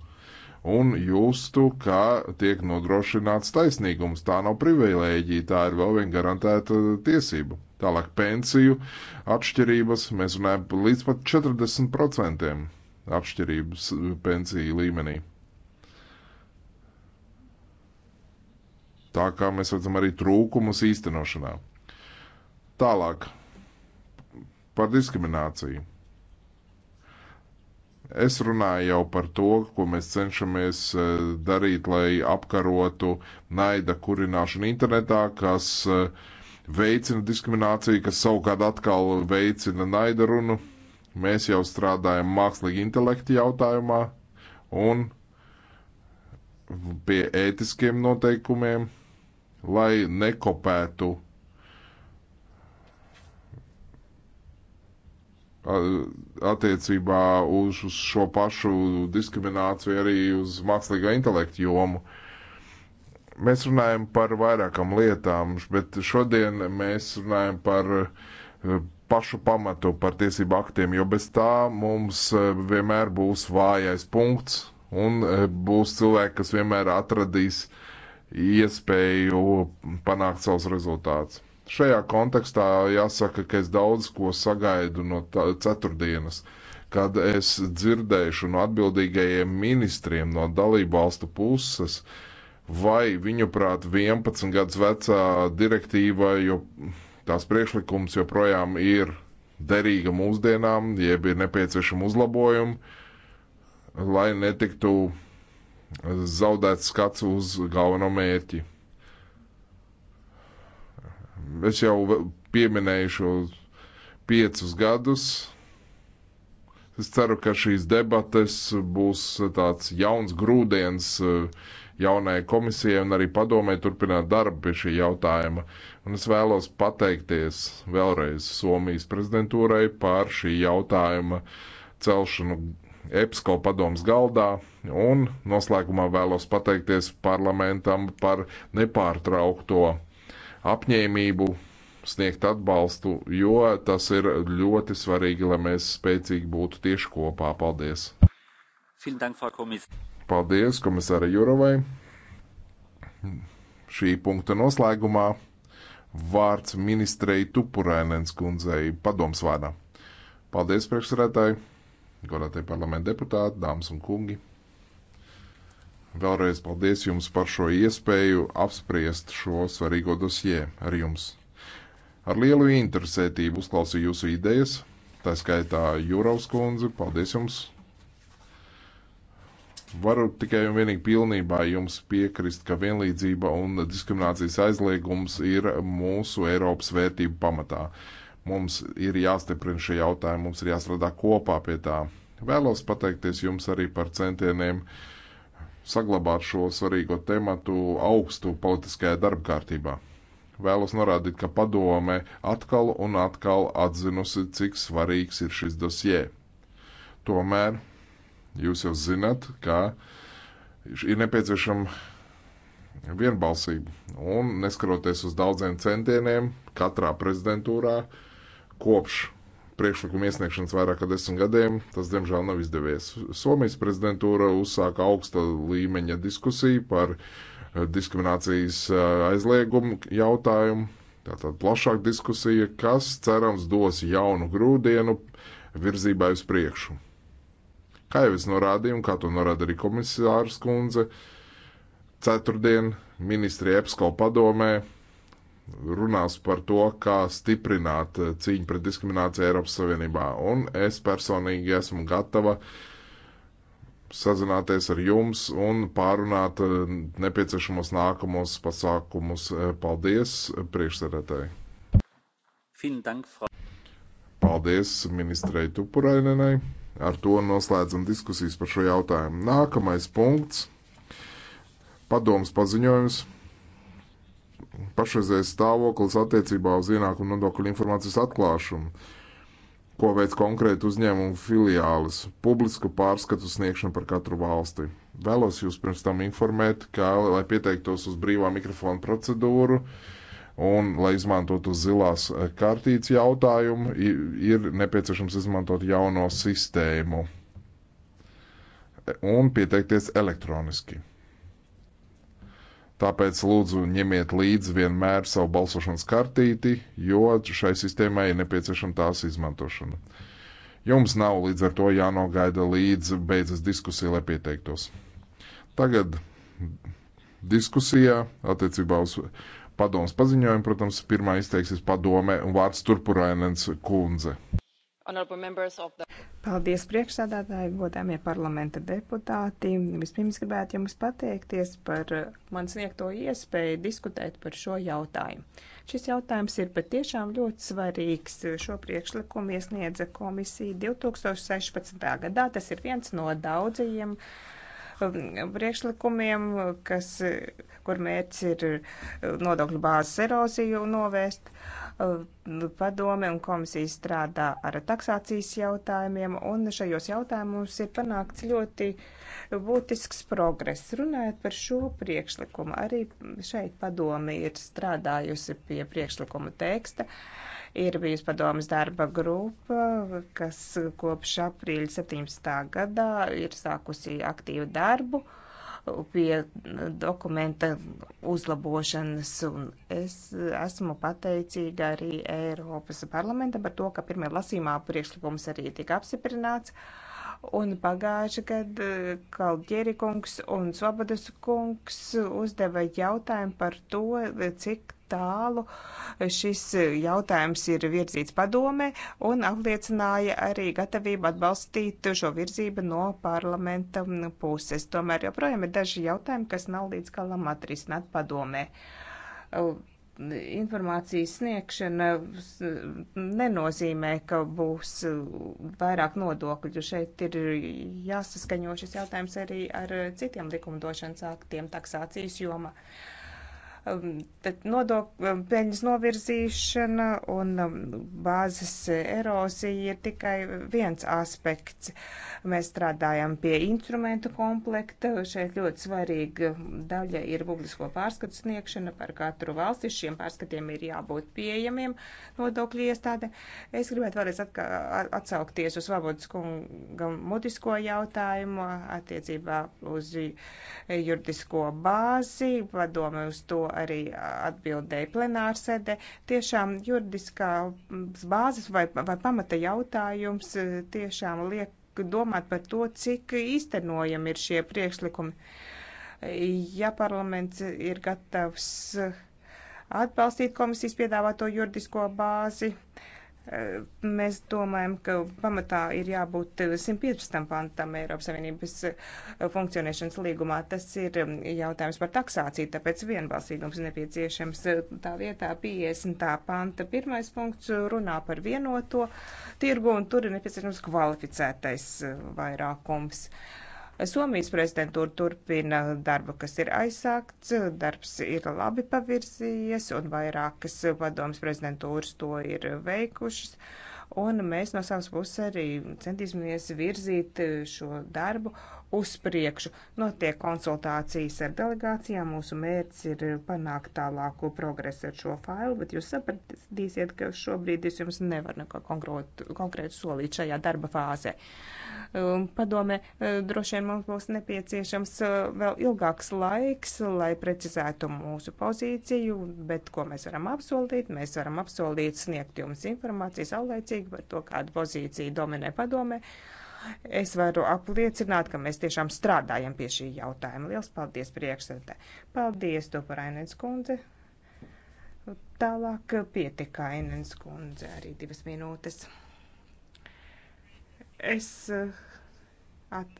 un justu, ka tiek nodrošināts taisnīgums. Tā nav privilēģija, tā ir vēl viena garantēta tiesība. Tālāk pensiju atšķirības mēs runājam līdz pat 40% apšķirības eh, pensiju līmenī. Tā kā mēs redzam arī trūkumus īstenošanā. Tālāk par diskrimināciju. Es runāju jau par to, ko mēs cenšamies eh, darīt, lai apkarotu naida kurināšanu internetā, kas eh, veicina diskrimināciju, kas savukārt atkal veicina naida runu. Mēs jau strādājam mākslīgi intelekti jautājumā un pie ētiskiem noteikumiem, lai nekopētu attiecībā uz šo pašu diskrimināciju arī uz mākslīgā intelektu jomu. Mēs runājam par vairākām lietām, bet šodien mēs runājam par pašu pamatu par tiesību aktiem, jo bez tā mums e, vienmēr būs vājais punkts un e, būs cilvēki, kas vienmēr atradīs iespēju panākt savus rezultātus. Šajā kontekstā jāsaka, ka es daudz ko sagaidu no tā, ceturtdienas, kad es dzirdēšu no atbildīgajiem ministriem no dalību valstu puses, vai viņuprāt 11 gadus vecā direktīva, jo tās priekšlikums joprojām ir derīga mūsdienām, jeb ir nepieciešama uzlabojuma, lai netiktu zaudēts skats uz galveno mērķi. Es jau pieminēju šo piecus gadus. Es ceru, ka šīs debates būs tāds jauns grūdienis jaunajai komisijai un arī padomē turpināt darbu pie šī jautājuma. Un es vēlos pateikties vēlreiz Somijas prezidentūrai par šī jautājuma celšanu EPSCO padomas galdā. Un noslēgumā vēlos pateikties parlamentam par nepārtraukto apņēmību sniegt atbalstu, jo tas ir ļoti svarīgi, lai mēs spēcīgi būtu tieši kopā. Paldies! Vielen Dank, Frau Kommissarin. Paldies komisāra Jurovai. Šī punkta noslēgumā vārds ministrei Tupurainens kundzei padoms vārdā. Paldies priekšsarētāji, godātie parlamenta deputāti, dāmas un kungi. Vēlreiz paldies jums par šo iespēju apspriest šo svarīgo dosie ar jums. Ar lielu interesētību uzklausīju jūsu idejas, tā skaitā Jūraus kundze, paldies jums Varu tikai un vienīgi pilnībā jums piekrist, ka vienlīdzība un diskriminācijas aizliegums ir mūsu Eiropas vērtību pamatā. Mums ir jāstiprina šie jautājumi, mums ir jāstrādā kopā pie tā. Vēlos pateikties jums arī par centieniem saglabāt šo svarīgo tematu augstu politiskajā darbkārtībā. Vēlos norādīt, ka padome atkal un atkal atzinusi, cik svarīgs ir šis dosie. Tomēr Jūs jau zinat, ka ir nepieciešama vienbalsība. Un neskaroties uz daudziem centieniem, katrā prezidentūrā kopš priekšlikuma iesniegšanas vairāk kā desmit gadiem, tas diemžēl nav izdevies. Somijas prezidentūra uzsāka augsta līmeņa diskusiju par eh, diskriminācijas eh, aizliegumu jautājumu. Tātad plašāka diskusija, kas cerams dos jaunu grūdienu virzībai uz priekšu. Kā jau es norādīju, un kā to norāda arī komisārs kundze, ceturtdien ministri EPSCO padomē runās par to, kā stiprināt cīņu pret diskrimināciju Eiropas Savienībā. Un es personīgi esmu gatava sazināties ar jums un pārunāt nepieciešamos nākamos pasākumus. Paldies priekšsēdētāji! Paldies ministrei Tupurainenai! Ar to noslēdzam diskusijas par šo jautājumu. Nākamais punkts - padomas paziņojums. Pašreizējais stāvoklis attiecībā uz ienākumu nodokļu informācijas atklāšanu, ko veids konkrēti uzņēmumu filiālis, publisku pārskatu sniegšanu par katru valsti. Vēlos jūs pirms tam informēt, ka, lai pieteiktos uz brīvā mikrofona procedūru, uh, Un, lai izmantotu zilās eh, kartītes jautājumu, ir nepieciešams izmantot jauno sistēmu e, un pieteikties elektroniski. Tāpēc lūdzu ņemiet līdzi vienmēr savu balsošanas kartīti, jo šai sistēmai ir nepieciešama tās izmantošana. Jums nav līdz ar to jānogaida līdz beidzas diskusija, lai pieteiktos. Tagad diskusijā attiecībā uz padomas paziņojumu. Protams, pirmā izteiksies padome un vārds Turpurainens kundze. Paldies priekšsādātāji, godāmie parlamenta deputāti. Vispirms gribētu jums pateikties par eh, man sniegto iespēju diskutēt par šo jautājumu. Šis jautājums ir patiešām ļoti svarīgs. Šo priekšlikumu iesniedza komisija 2016. gadā. Tas ir viens no daudzajiem. Uh, Um, priekšlikumiem, kas, kur mērķis ir uh, nodokļu bāzes eroziju novērst. Uh, padome un komisija strādā ar taksācijas jautājumiem, un šajos jautājumos ir panākts ļoti būtisks progress. Runājot par šo priekšlikumu, arī šeit padome ir strādājusi pie priekšlikuma teksta. Uh, Ir bijusi padomas darba grupa, kas kopš aprīļa 17. gadā ir sākusi aktīvu darbu pie dokumenta uzlabošanas. Un es esmu pateicīga arī Eiropas parlamentam par to, ka pirmajā lasīmā priekšlikums arī tika apsiprināts. Uh, Un pagājuši gadu eh, Kalģieri kungs un Svobodas kungs uzdeva jautājumu par to, cik tālu šis jautājums ir virzīts padomē un apliecināja arī gatavību atbalstīt šo virzību no parlamenta puses. Tomēr joprojām ir daži jautājumi, kas nav līdz galam atrisināt padomē informācijas sniegšana nenozīmē, ka būs vairāk nodokļu. Šeit ir jāsaskaņo šis jautājums arī ar citiem likumdošanas aktiem taksācijas jomā. Uh, Um, nodokļu um, novirzīšana un um, bāzes erozija ir tikai viens aspekts. Mēs strādājam pie instrumentu komplekta. Šeit ļoti svarīga daļa ir publisko pārskatu sniegšana par katru valsti. Šiem pārskatiem ir jābūt pieejamiem nodokļu iestāde. Es gribētu vēlreiz atsaukties uz Vabodas kunga mutisko jautājumu attiecībā uz juridisko bāzi. Padome uz to arī atbildēja plenārsēdē. Tiešām juridiskās bāzes vai, vai pamata jautājums eh, tiešām liek domāt par to, cik īstenojami ir šie priekšlikumi. Ja parlaments ir gatavs atbalstīt komisijas piedāvāto juridisko bāzi, uh, Eh, mēs domājam, ka pamatā ir jābūt 115. Eh, pantam Eiropas Savienības eh, funkcionēšanas līgumā. Tas ir mm, jautājums par taksāciju, tāpēc vienbalsīgums nepieciešams. Tā vietā 50. panta pirmais punkts runā par vienoto tirgu, un tur ir nepieciešams kvalificētais vairākums. Uh, Somijas prezidentūra turpina darbu, kas ir aizsākts, darbs ir labi pavirzījies un vairākas padomas prezidentūras to ir veikušas. Un mēs no savas puses arī centīsimies virzīt šo darbu uz priekšu. Notiek konsultācijas ar delegācijām. Mūsu mērķis ir panākt tālāku progresu ar šo failu, bet jūs sapratīsiet, ka šobrīd es jums nevaru neko konkrētu solīt šajā darba fāzē. Um, padome, uh, droši vien mums būs nepieciešams uh, vēl ilgāks laiks, lai precizētu mūsu pozīciju, bet ko mēs varam apsolīt? Mēs varam apsolīt sniegt jums informāciju saulēcīgi par to, kāda pozīcija dominē padome. Uh, Es varu apliecināt, ka mēs tiešām strādājam pie šī jautājuma. Liels paldies priekšsēdē. Paldies, Toparainens kundze. Tālāk pietikainens kundze arī divas minūtes. Es uh, at,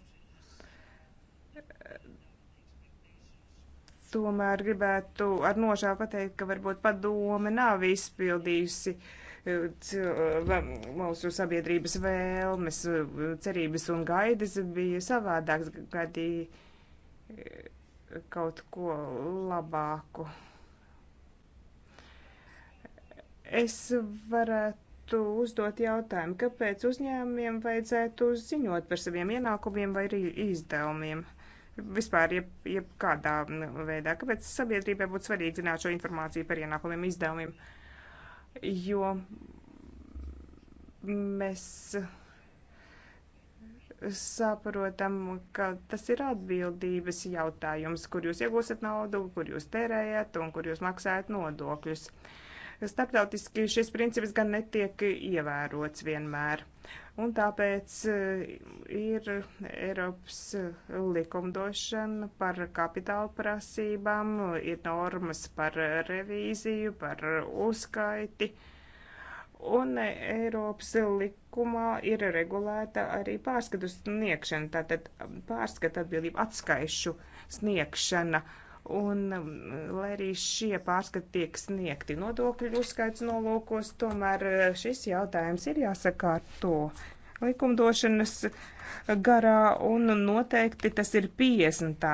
tomēr gribētu ar nožēlu pateikt, ka varbūt padome nav izpildījusi uh, mūsu sabiedrības vēlmes, cerības un gaidas bija savādāks, gadīja kaut ko labāku. Es varētu uzdot jautājumu, kāpēc uzņēmumiem vajadzētu ziņot par saviem ienākumiem vai arī izdevumiem? vispār jeb, jebkādā veidā. Kāpēc sabiedrībai būtu svarīgi zināt šo informāciju par ienākumiem, izdevumiem? Uh, jo mēs saprotam, ka tas ir atbildības jautājums, kur jūs iegūstat naudu, kur jūs tērējat un kur jūs maksājat nodokļus. Uh, Starptautiski šis princips gan netiek ievērots vienmēr. Un tāpēc eh, ir Eiropas eh, likumdošana par kapitāla prasībām, ir normas par eh, revīziju, par uzskaiti un Eiropas likumā ir regulēta arī pārskatu sniegšana, tātad pārskata atbildība atskaišu sniegšana. Uh, Un, um, lai arī šie pārskati tiek sniegti nodokļu uzskaits nolūkos, tomēr uh, šis jautājums ir jāsakārto likumdošanas garā, un noteikti tas ir 50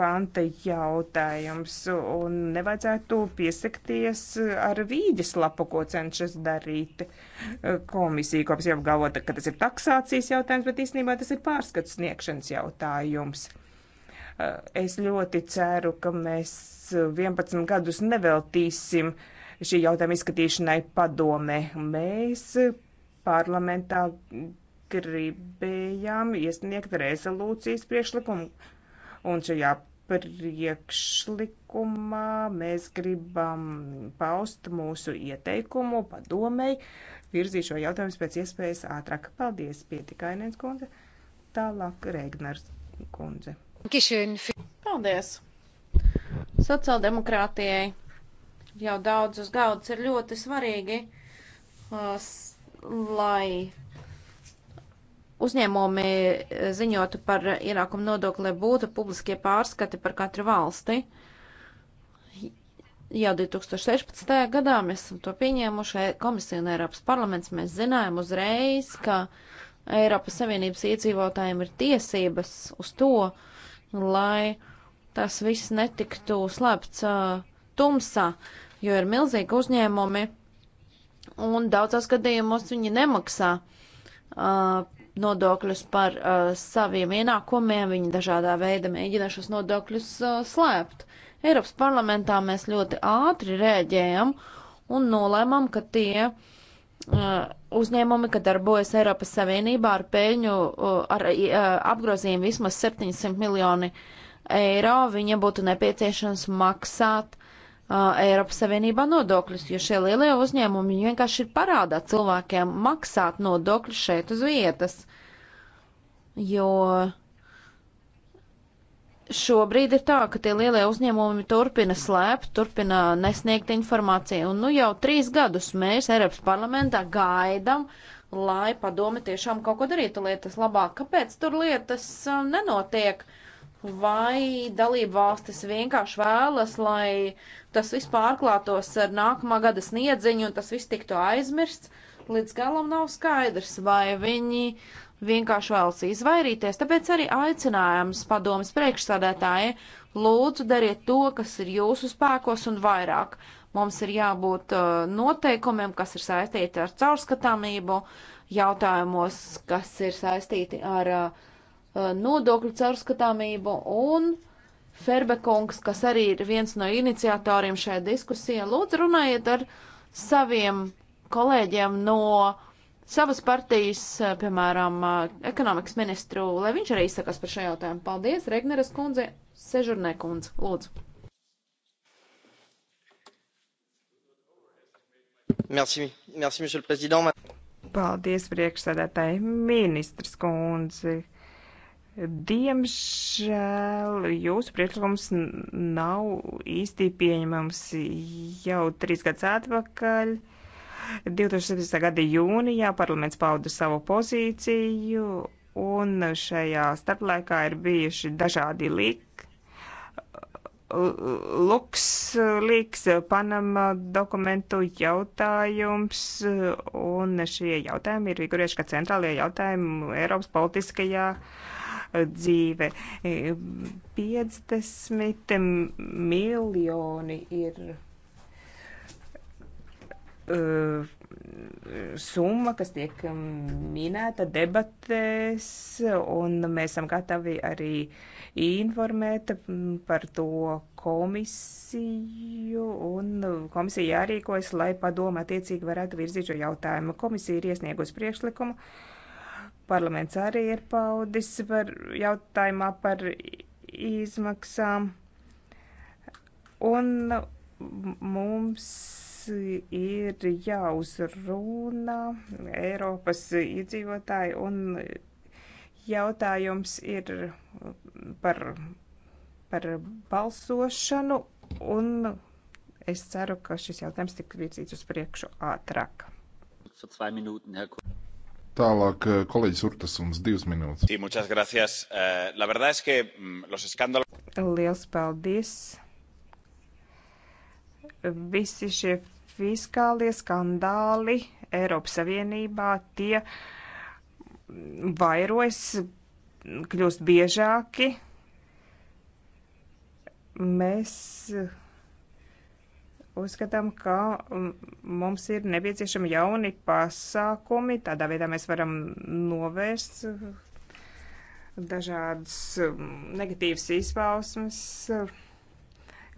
panta jautājums, un nevajadzētu piesakties ar vīģes lapu, ko cenšas darīt uh, komisija, kops jau apgalvota, ka tas ir taksācijas jautājums, bet īstenībā tas ir pārskats sniegšanas jautājums. Eh, es ļoti ceru, ka mēs 11 eh, gadus neveltīsim šī jautājuma izskatīšanai padome. Mēs eh, parlamentā gribējām iesniegt rezolūcijas priekšlikumu, un šajā priekšlikumā mēs gribam paust mūsu ieteikumu padomei virzīt šo jautājumu pēc iespējas ātrāk. Paldies, Pietikainēns kundze, tālāk Rēgnars kundze. Paldies! Sociāldemokrātijai jau daudzus gadus ir ļoti svarīgi, uh, lai uzņēmumi ziņotu par ienākumu nodokli, lai būtu publiskie pārskati par katru valsti. Jau 2016. gadā mēs esam to pieņēmuši, komisija un Eiropas parlaments mēs zinājām uzreiz, ka Eiropas Savienības iedzīvotājiem ir tiesības uz to, uh, lai tas viss netiktu slēpts uh, tumsā, jo ir milzīgi uzņēmumi un daudzās gadījumos viņi nemaksā uh, nodokļus par uh, saviem ienākumiem, viņi dažādā veidā mēģina šos nodokļus uh, slēpt. Eiropas parlamentā mēs ļoti ātri rēģējam un nolēmam, ka tie uh, uzņēmumi, kad darbojas Eiropas Savienībā ar pēļņu, ar apgrozījumu vismaz 700 miljoni eiro, viņiem būtu nepieciešams maksāt uh, Eiropas Savienībā nodokļus, jo šie lielie uzņēmumi vienkārši ir parādā cilvēkiem maksāt nodokļus šeit uz vietas. Jo uh, Šobrīd ir tā, ka tie lielie uzņēmumi turpina slēpt, turpina nesniegt informāciju, un nu jau trīs gadus mēs Eiropas parlamentā gaidam, lai padome tiešām kaut ko darītu lietas labāk. Kāpēc tur lietas nenotiek? Vai dalība valstis vienkārši vēlas, lai tas viss pārklātos ar nākamā gada sniedziņu un tas viss tiktu aizmirsts? Līdz galam nav skaidrs, vai viņi uh, vienkārši vēlas izvairīties, tāpēc arī aicinājums padomas priekšsādētāji lūdzu dariet to, kas ir jūsu spēkos un vairāk. Mums ir jābūt uh, noteikumiem, kas ir saistīti ar caurskatāmību, jautājumos, kas ir saistīti ar uh, uh, nodokļu caurskatāmību un Ferbekungs, kas arī ir viens no iniciatoriem šajā diskusijā, lūdzu runājiet ar saviem kolēģiem no uh, savas partijas, eh, piemēram, eh, ekonomikas ministru, lai viņš arī izsakās par šo jautājumu. Paldies, Regneres kundze, Sežurnē kundze, lūdzu. Merci, merci, monsieur le président. Paldies, priekšsēdētāji, ministrs kundze. Diemžēl jūsu priekšlikums nav īsti pieņemams jau trīs gadus atpakaļ. Uh, 2017. gada jūnijā parlaments pauda savu pozīciju, un šajā starplaikā ir bijuši dažādi lik, luks, liks, panama dokumentu jautājums, un šie jautājumi ir figurējuši kā centrālie jautājumi Eiropas politiskajā dzīve. 50 miljoni ir Eh, summa, kas tiek mm, minēta debatēs, un mēs esam gatavi arī informēt mm, par to komisiju, un komisija jārīkojas, lai padoma attiecīgi varētu virzīt šo jautājumu. Komisija ir iesniegusi priekšlikumu, parlaments arī ir paudis par jautājumā par izmaksām, un mums ir jāuzrunā Eiropas iedzīvotāji, un jautājums ir par, par balsošanu, un es ceru, ka šis jautājums tiks virzīts uz priekšu ātrāk. Tālāk, eh, kolēģis Urtasuns, divas minūtes. Sí, muchas gracias. Uh, la verdad es que mm, los escándalos. Liels paldies. Visi šie fiskālie skandāli Eiropas Savienībā tie vairojas, kļūst biežāki. Mēs uzskatām, ka mm, mums ir nepieciešami jauni pasākumi. Tādā veidā mēs varam novērst dažādas mm, negatīvas izpausmes.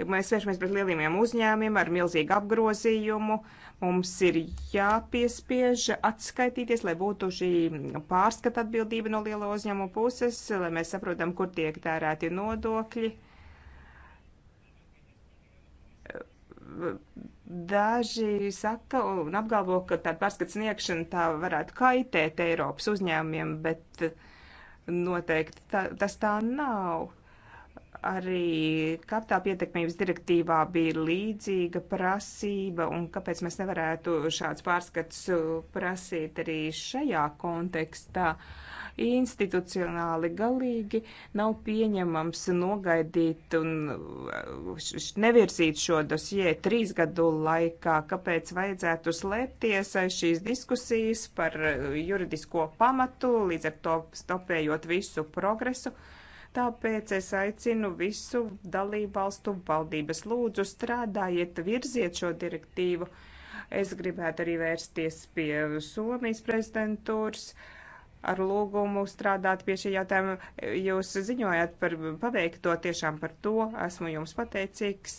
Mēs vēršamies pret lieliem uzņēmumiem ar milzīgu apgrozījumu. Mums ir jāpiespiež atskaitīties, lai būtu šī pārskata atbildība no lielo uzņēmumu puses, lai mēs saprotam, kur tiek tērēti nodokļi. daži saka un apgalvo, ka tāda pārskats sniegšana tā varētu kaitēt Eiropas uzņēmumiem, bet noteikti tā, tas tā nav arī kapitāla pietekmības direktīvā bija līdzīga prasība, un kāpēc mēs nevarētu šāds pārskats uh, prasīt arī šajā kontekstā. Institucionāli galīgi nav pieņemams nogaidīt un uh, nevirzīt šo dosie trīs gadu laikā, kāpēc vajadzētu slēpties aiz šīs diskusijas par uh, juridisko pamatu, līdz ar to stopējot visu progresu. Uh, Tāpēc es aicinu visu dalībvalstu valdības lūdzu strādājiet, virziet šo direktīvu. Es gribētu arī vērsties pie Somijas prezidentūras. Uh, ar lūgumu strādāt pie šī jautājuma. Jūs ziņojāt par paveikto, tiešām par to esmu jums pateicīgs.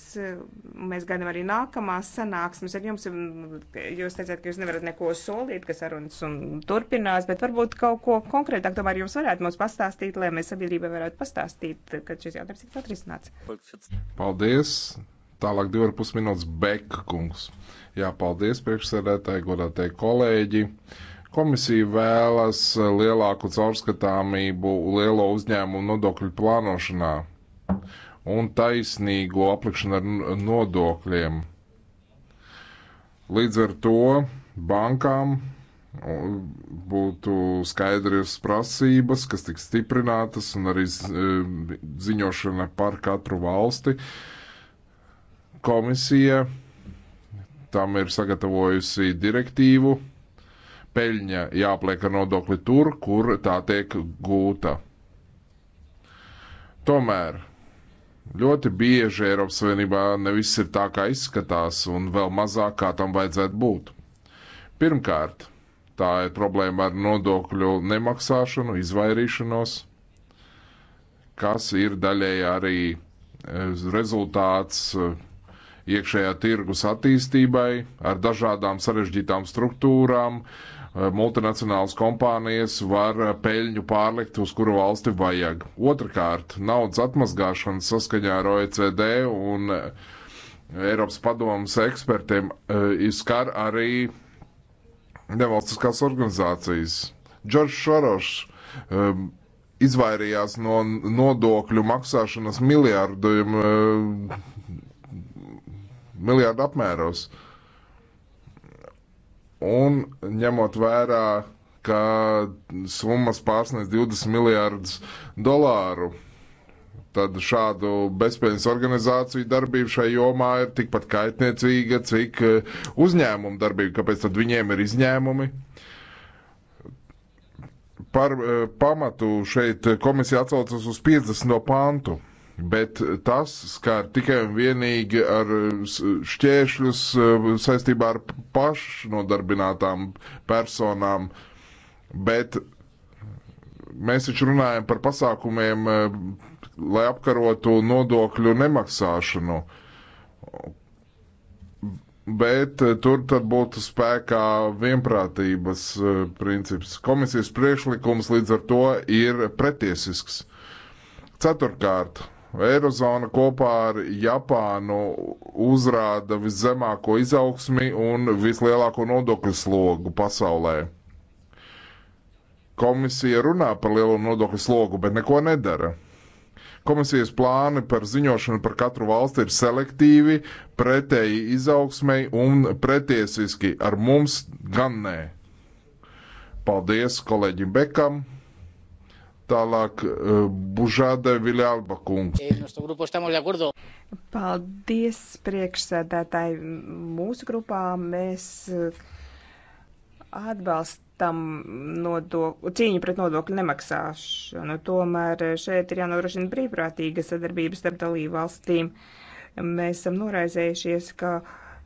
Mēs gaidām arī nākamās sanāksmes ar jums. Jūs teicāt, ka jūs nevarat neko solīt, ka sarunas un turpinās, bet varbūt kaut ko konkrētāk tomēr jums varētu mums pastāstīt, lai mēs sabiedrībai varētu pastāstīt, kad šis jautājums tiks atrisināts. Paldies! Tālāk divi ar pus minūtes Beka kungs. Jā, paldies priekšsēdētāji, godātie kolēģi. Uh, Komisija vēlas eh, lielāku caurskatāmību lielo uzņēmumu nodokļu plānošanā un taisnīgo aplikšanu ar nodokļiem. Līdz ar to bankām būtu skaidras prasības, kas tiks stiprinātas, un arī eh, ziņošana par katru valsti. Komisija tam ir sagatavojusi direktīvu peļņa jāpliek ar nodokli tur, kur tā tiek gūta. Tomēr ļoti bieži Eiropas Savienībā nevis ir tā, kā izskatās, un vēl mazāk kā tam vajadzētu būt. Pirmkārt, tā ir problēma ar nodokļu nemaksāšanu, izvairīšanos, kas ir daļēji arī e, rezultāts e, iekšējā tirgus attīstībai, ar dažādām sarežģītām struktūrām, uh, Eh, multinacionālas kompānijas var eh, peļņu pārlikt uz kuru valsti vajag. Otrakārt, naudas atmazgāšana saskaņā ar OECD un eh, Eiropas padomus ekspertiem izskar arī nevalstiskās organizācijas. Džordžs Šorošs izvairījās no nodokļu maksāšanas miljārdiem, miljārdu apmēros. Uh, Un ņemot vērā, ka summas pārsniedz 20 miljārdus dolāru, tad šādu bezpējas organizāciju darbība šai jomā ir tikpat kaitniecīga, cik eh, uzņēmumu darbība. Kāpēc tad viņiem ir izņēmumi? Par eh, pamatu šeit komisija atsaucas uz 50. pantu bet tas skar tikai un vienīgi ar šķēršļus eh, saistībā ar pašnodarbinātām personām, bet mēs taču runājam par pasākumiem, eh, lai apkarotu nodokļu nemaksāšanu. Bet eh, tur tad būtu spēkā vienprātības princips. Komisijas priekšlikums līdz ar to ir pretiesisks. Ceturkārt, Eirozona kopā ar Japānu uzrāda viszemāko izaugsmi un vislielāko nodokļu slogu pasaulē. Komisija runā par lielo nodokļu slogu, bet neko nedara. Komisijas plāni par ziņošanu par katru valsti ir selektīvi, pretēji izaugsmei un pretiesiski ar mums gan nē. Paldies kolēģim Bekam! Tālāk eh, Bužāde Viļalba kungs. Paldies, priekšsēdētāji. Mūsu grupā mēs eh, atbalstam nodok, cīņu pret nodokļu nemaksāšanu. Tomēr eh, šeit ir jānodrošina brīvprātīga sadarbība starp dalību valstīm. Mēs esam noraizējušies, ka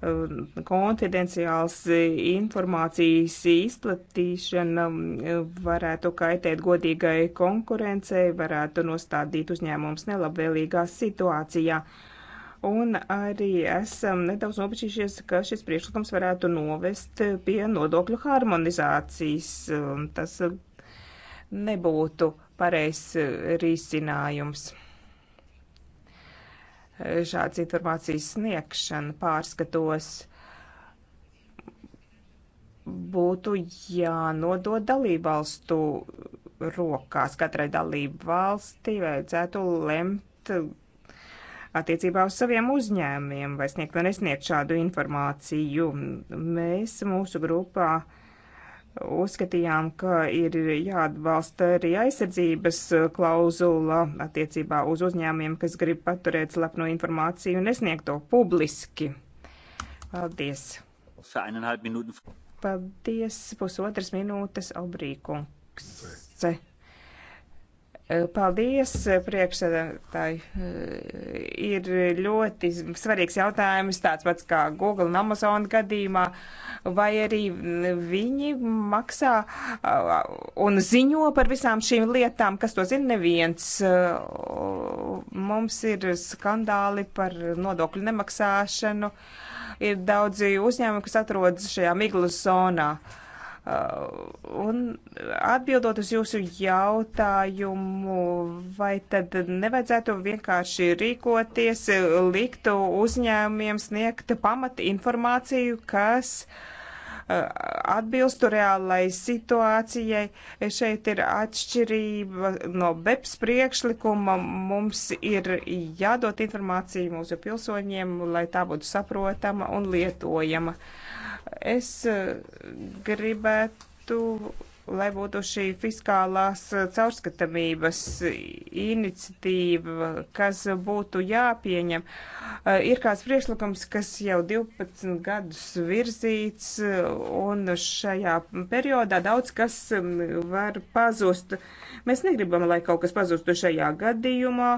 Um, konfidenciāls eh, informācijas izplatīšana um, varētu kaitēt godīgai konkurencei, varētu nostādīt uzņēmums nelabvēlīgā situācijā. Un arī esam nedaudz nobežījušies, ka šis priekšlikums varētu novest pie nodokļu harmonizācijas. Um, tas nebūtu pareizs eh, risinājums šādas informācijas sniegšana pārskatos būtu jānodod dalībvalstu rokās. Katrai dalību valstī vajadzētu lemt attiecībā uz saviem uzņēmiem vai sniegt vai nesniegt šādu informāciju. Mēs mūsu grupā uh, uzskatījām, ka ir jāatbalsta arī aizsardzības klauzula attiecībā uz uzņēmumiem, kas grib paturēt slepno informāciju un nesniegt to publiski. Paldies! Paldies! Pusotras minūtes obrīkungs. Eh, paldies, eh, priekšsēdētāji. Eh, ir ļoti svarīgs jautājums, tāds pats kā Google un Amazon gadījumā, vai arī viņi maksā un ziņo par visām šīm lietām, kas to zina neviens. Mums ir skandāli par nodokļu nemaksāšanu, ir daudzi uzņēmumi, kas atrodas šajā miglas zonā. Uh, Un atbildot uz jūsu jautājumu, vai tad nevajadzētu vienkārši rīkoties, likt uzņēmumiem sniegt pamata informāciju, kas uh, atbilstu reālai situācijai. Šeit ir atšķirība no BEPS priekšlikuma. Mums ir jādod informācija mūsu pilsoņiem, lai tā būtu saprotama un lietojama. Uh, Es eh, gribētu, lai būtu šī fiskālās eh, caurskatāmības iniciatīva, kas būtu jāpieņem. Eh, ir kāds priekšlikums, kas jau 12 gadus virzīts, un šajā periodā daudz kas mm, var pazust. Mēs negribam, lai kaut kas pazustu šajā gadījumā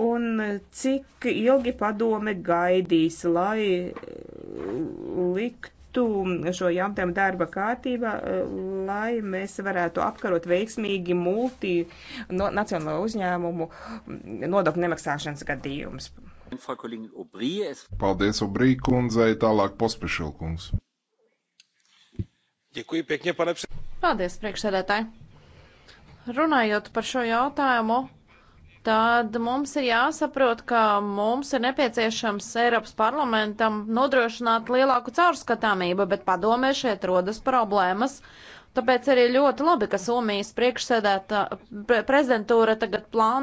un cik ilgi padome gaidīs, lai likt liktu šo jautājumu darba kārtībā, eh, lai mēs varētu apkarot veiksmīgi multi no, nacionālo uzņēmumu mm, nodokļu nemaksāšanas gadījumus. Paldies, Obrī kundzei, tālāk pospešilkungs. Paldies, priekšsēdētāji. Runājot par šo jautājumu, tad mums ir jāsaprot, ka mums ir nepieciešams Eiropas parlamentam nodrošināt lielāku caurskatāmību, bet padomē šeit rodas problēmas. Tāpēc arī ļoti labi, ka Somijas priekšsēdētā prezidentūra tagad plāno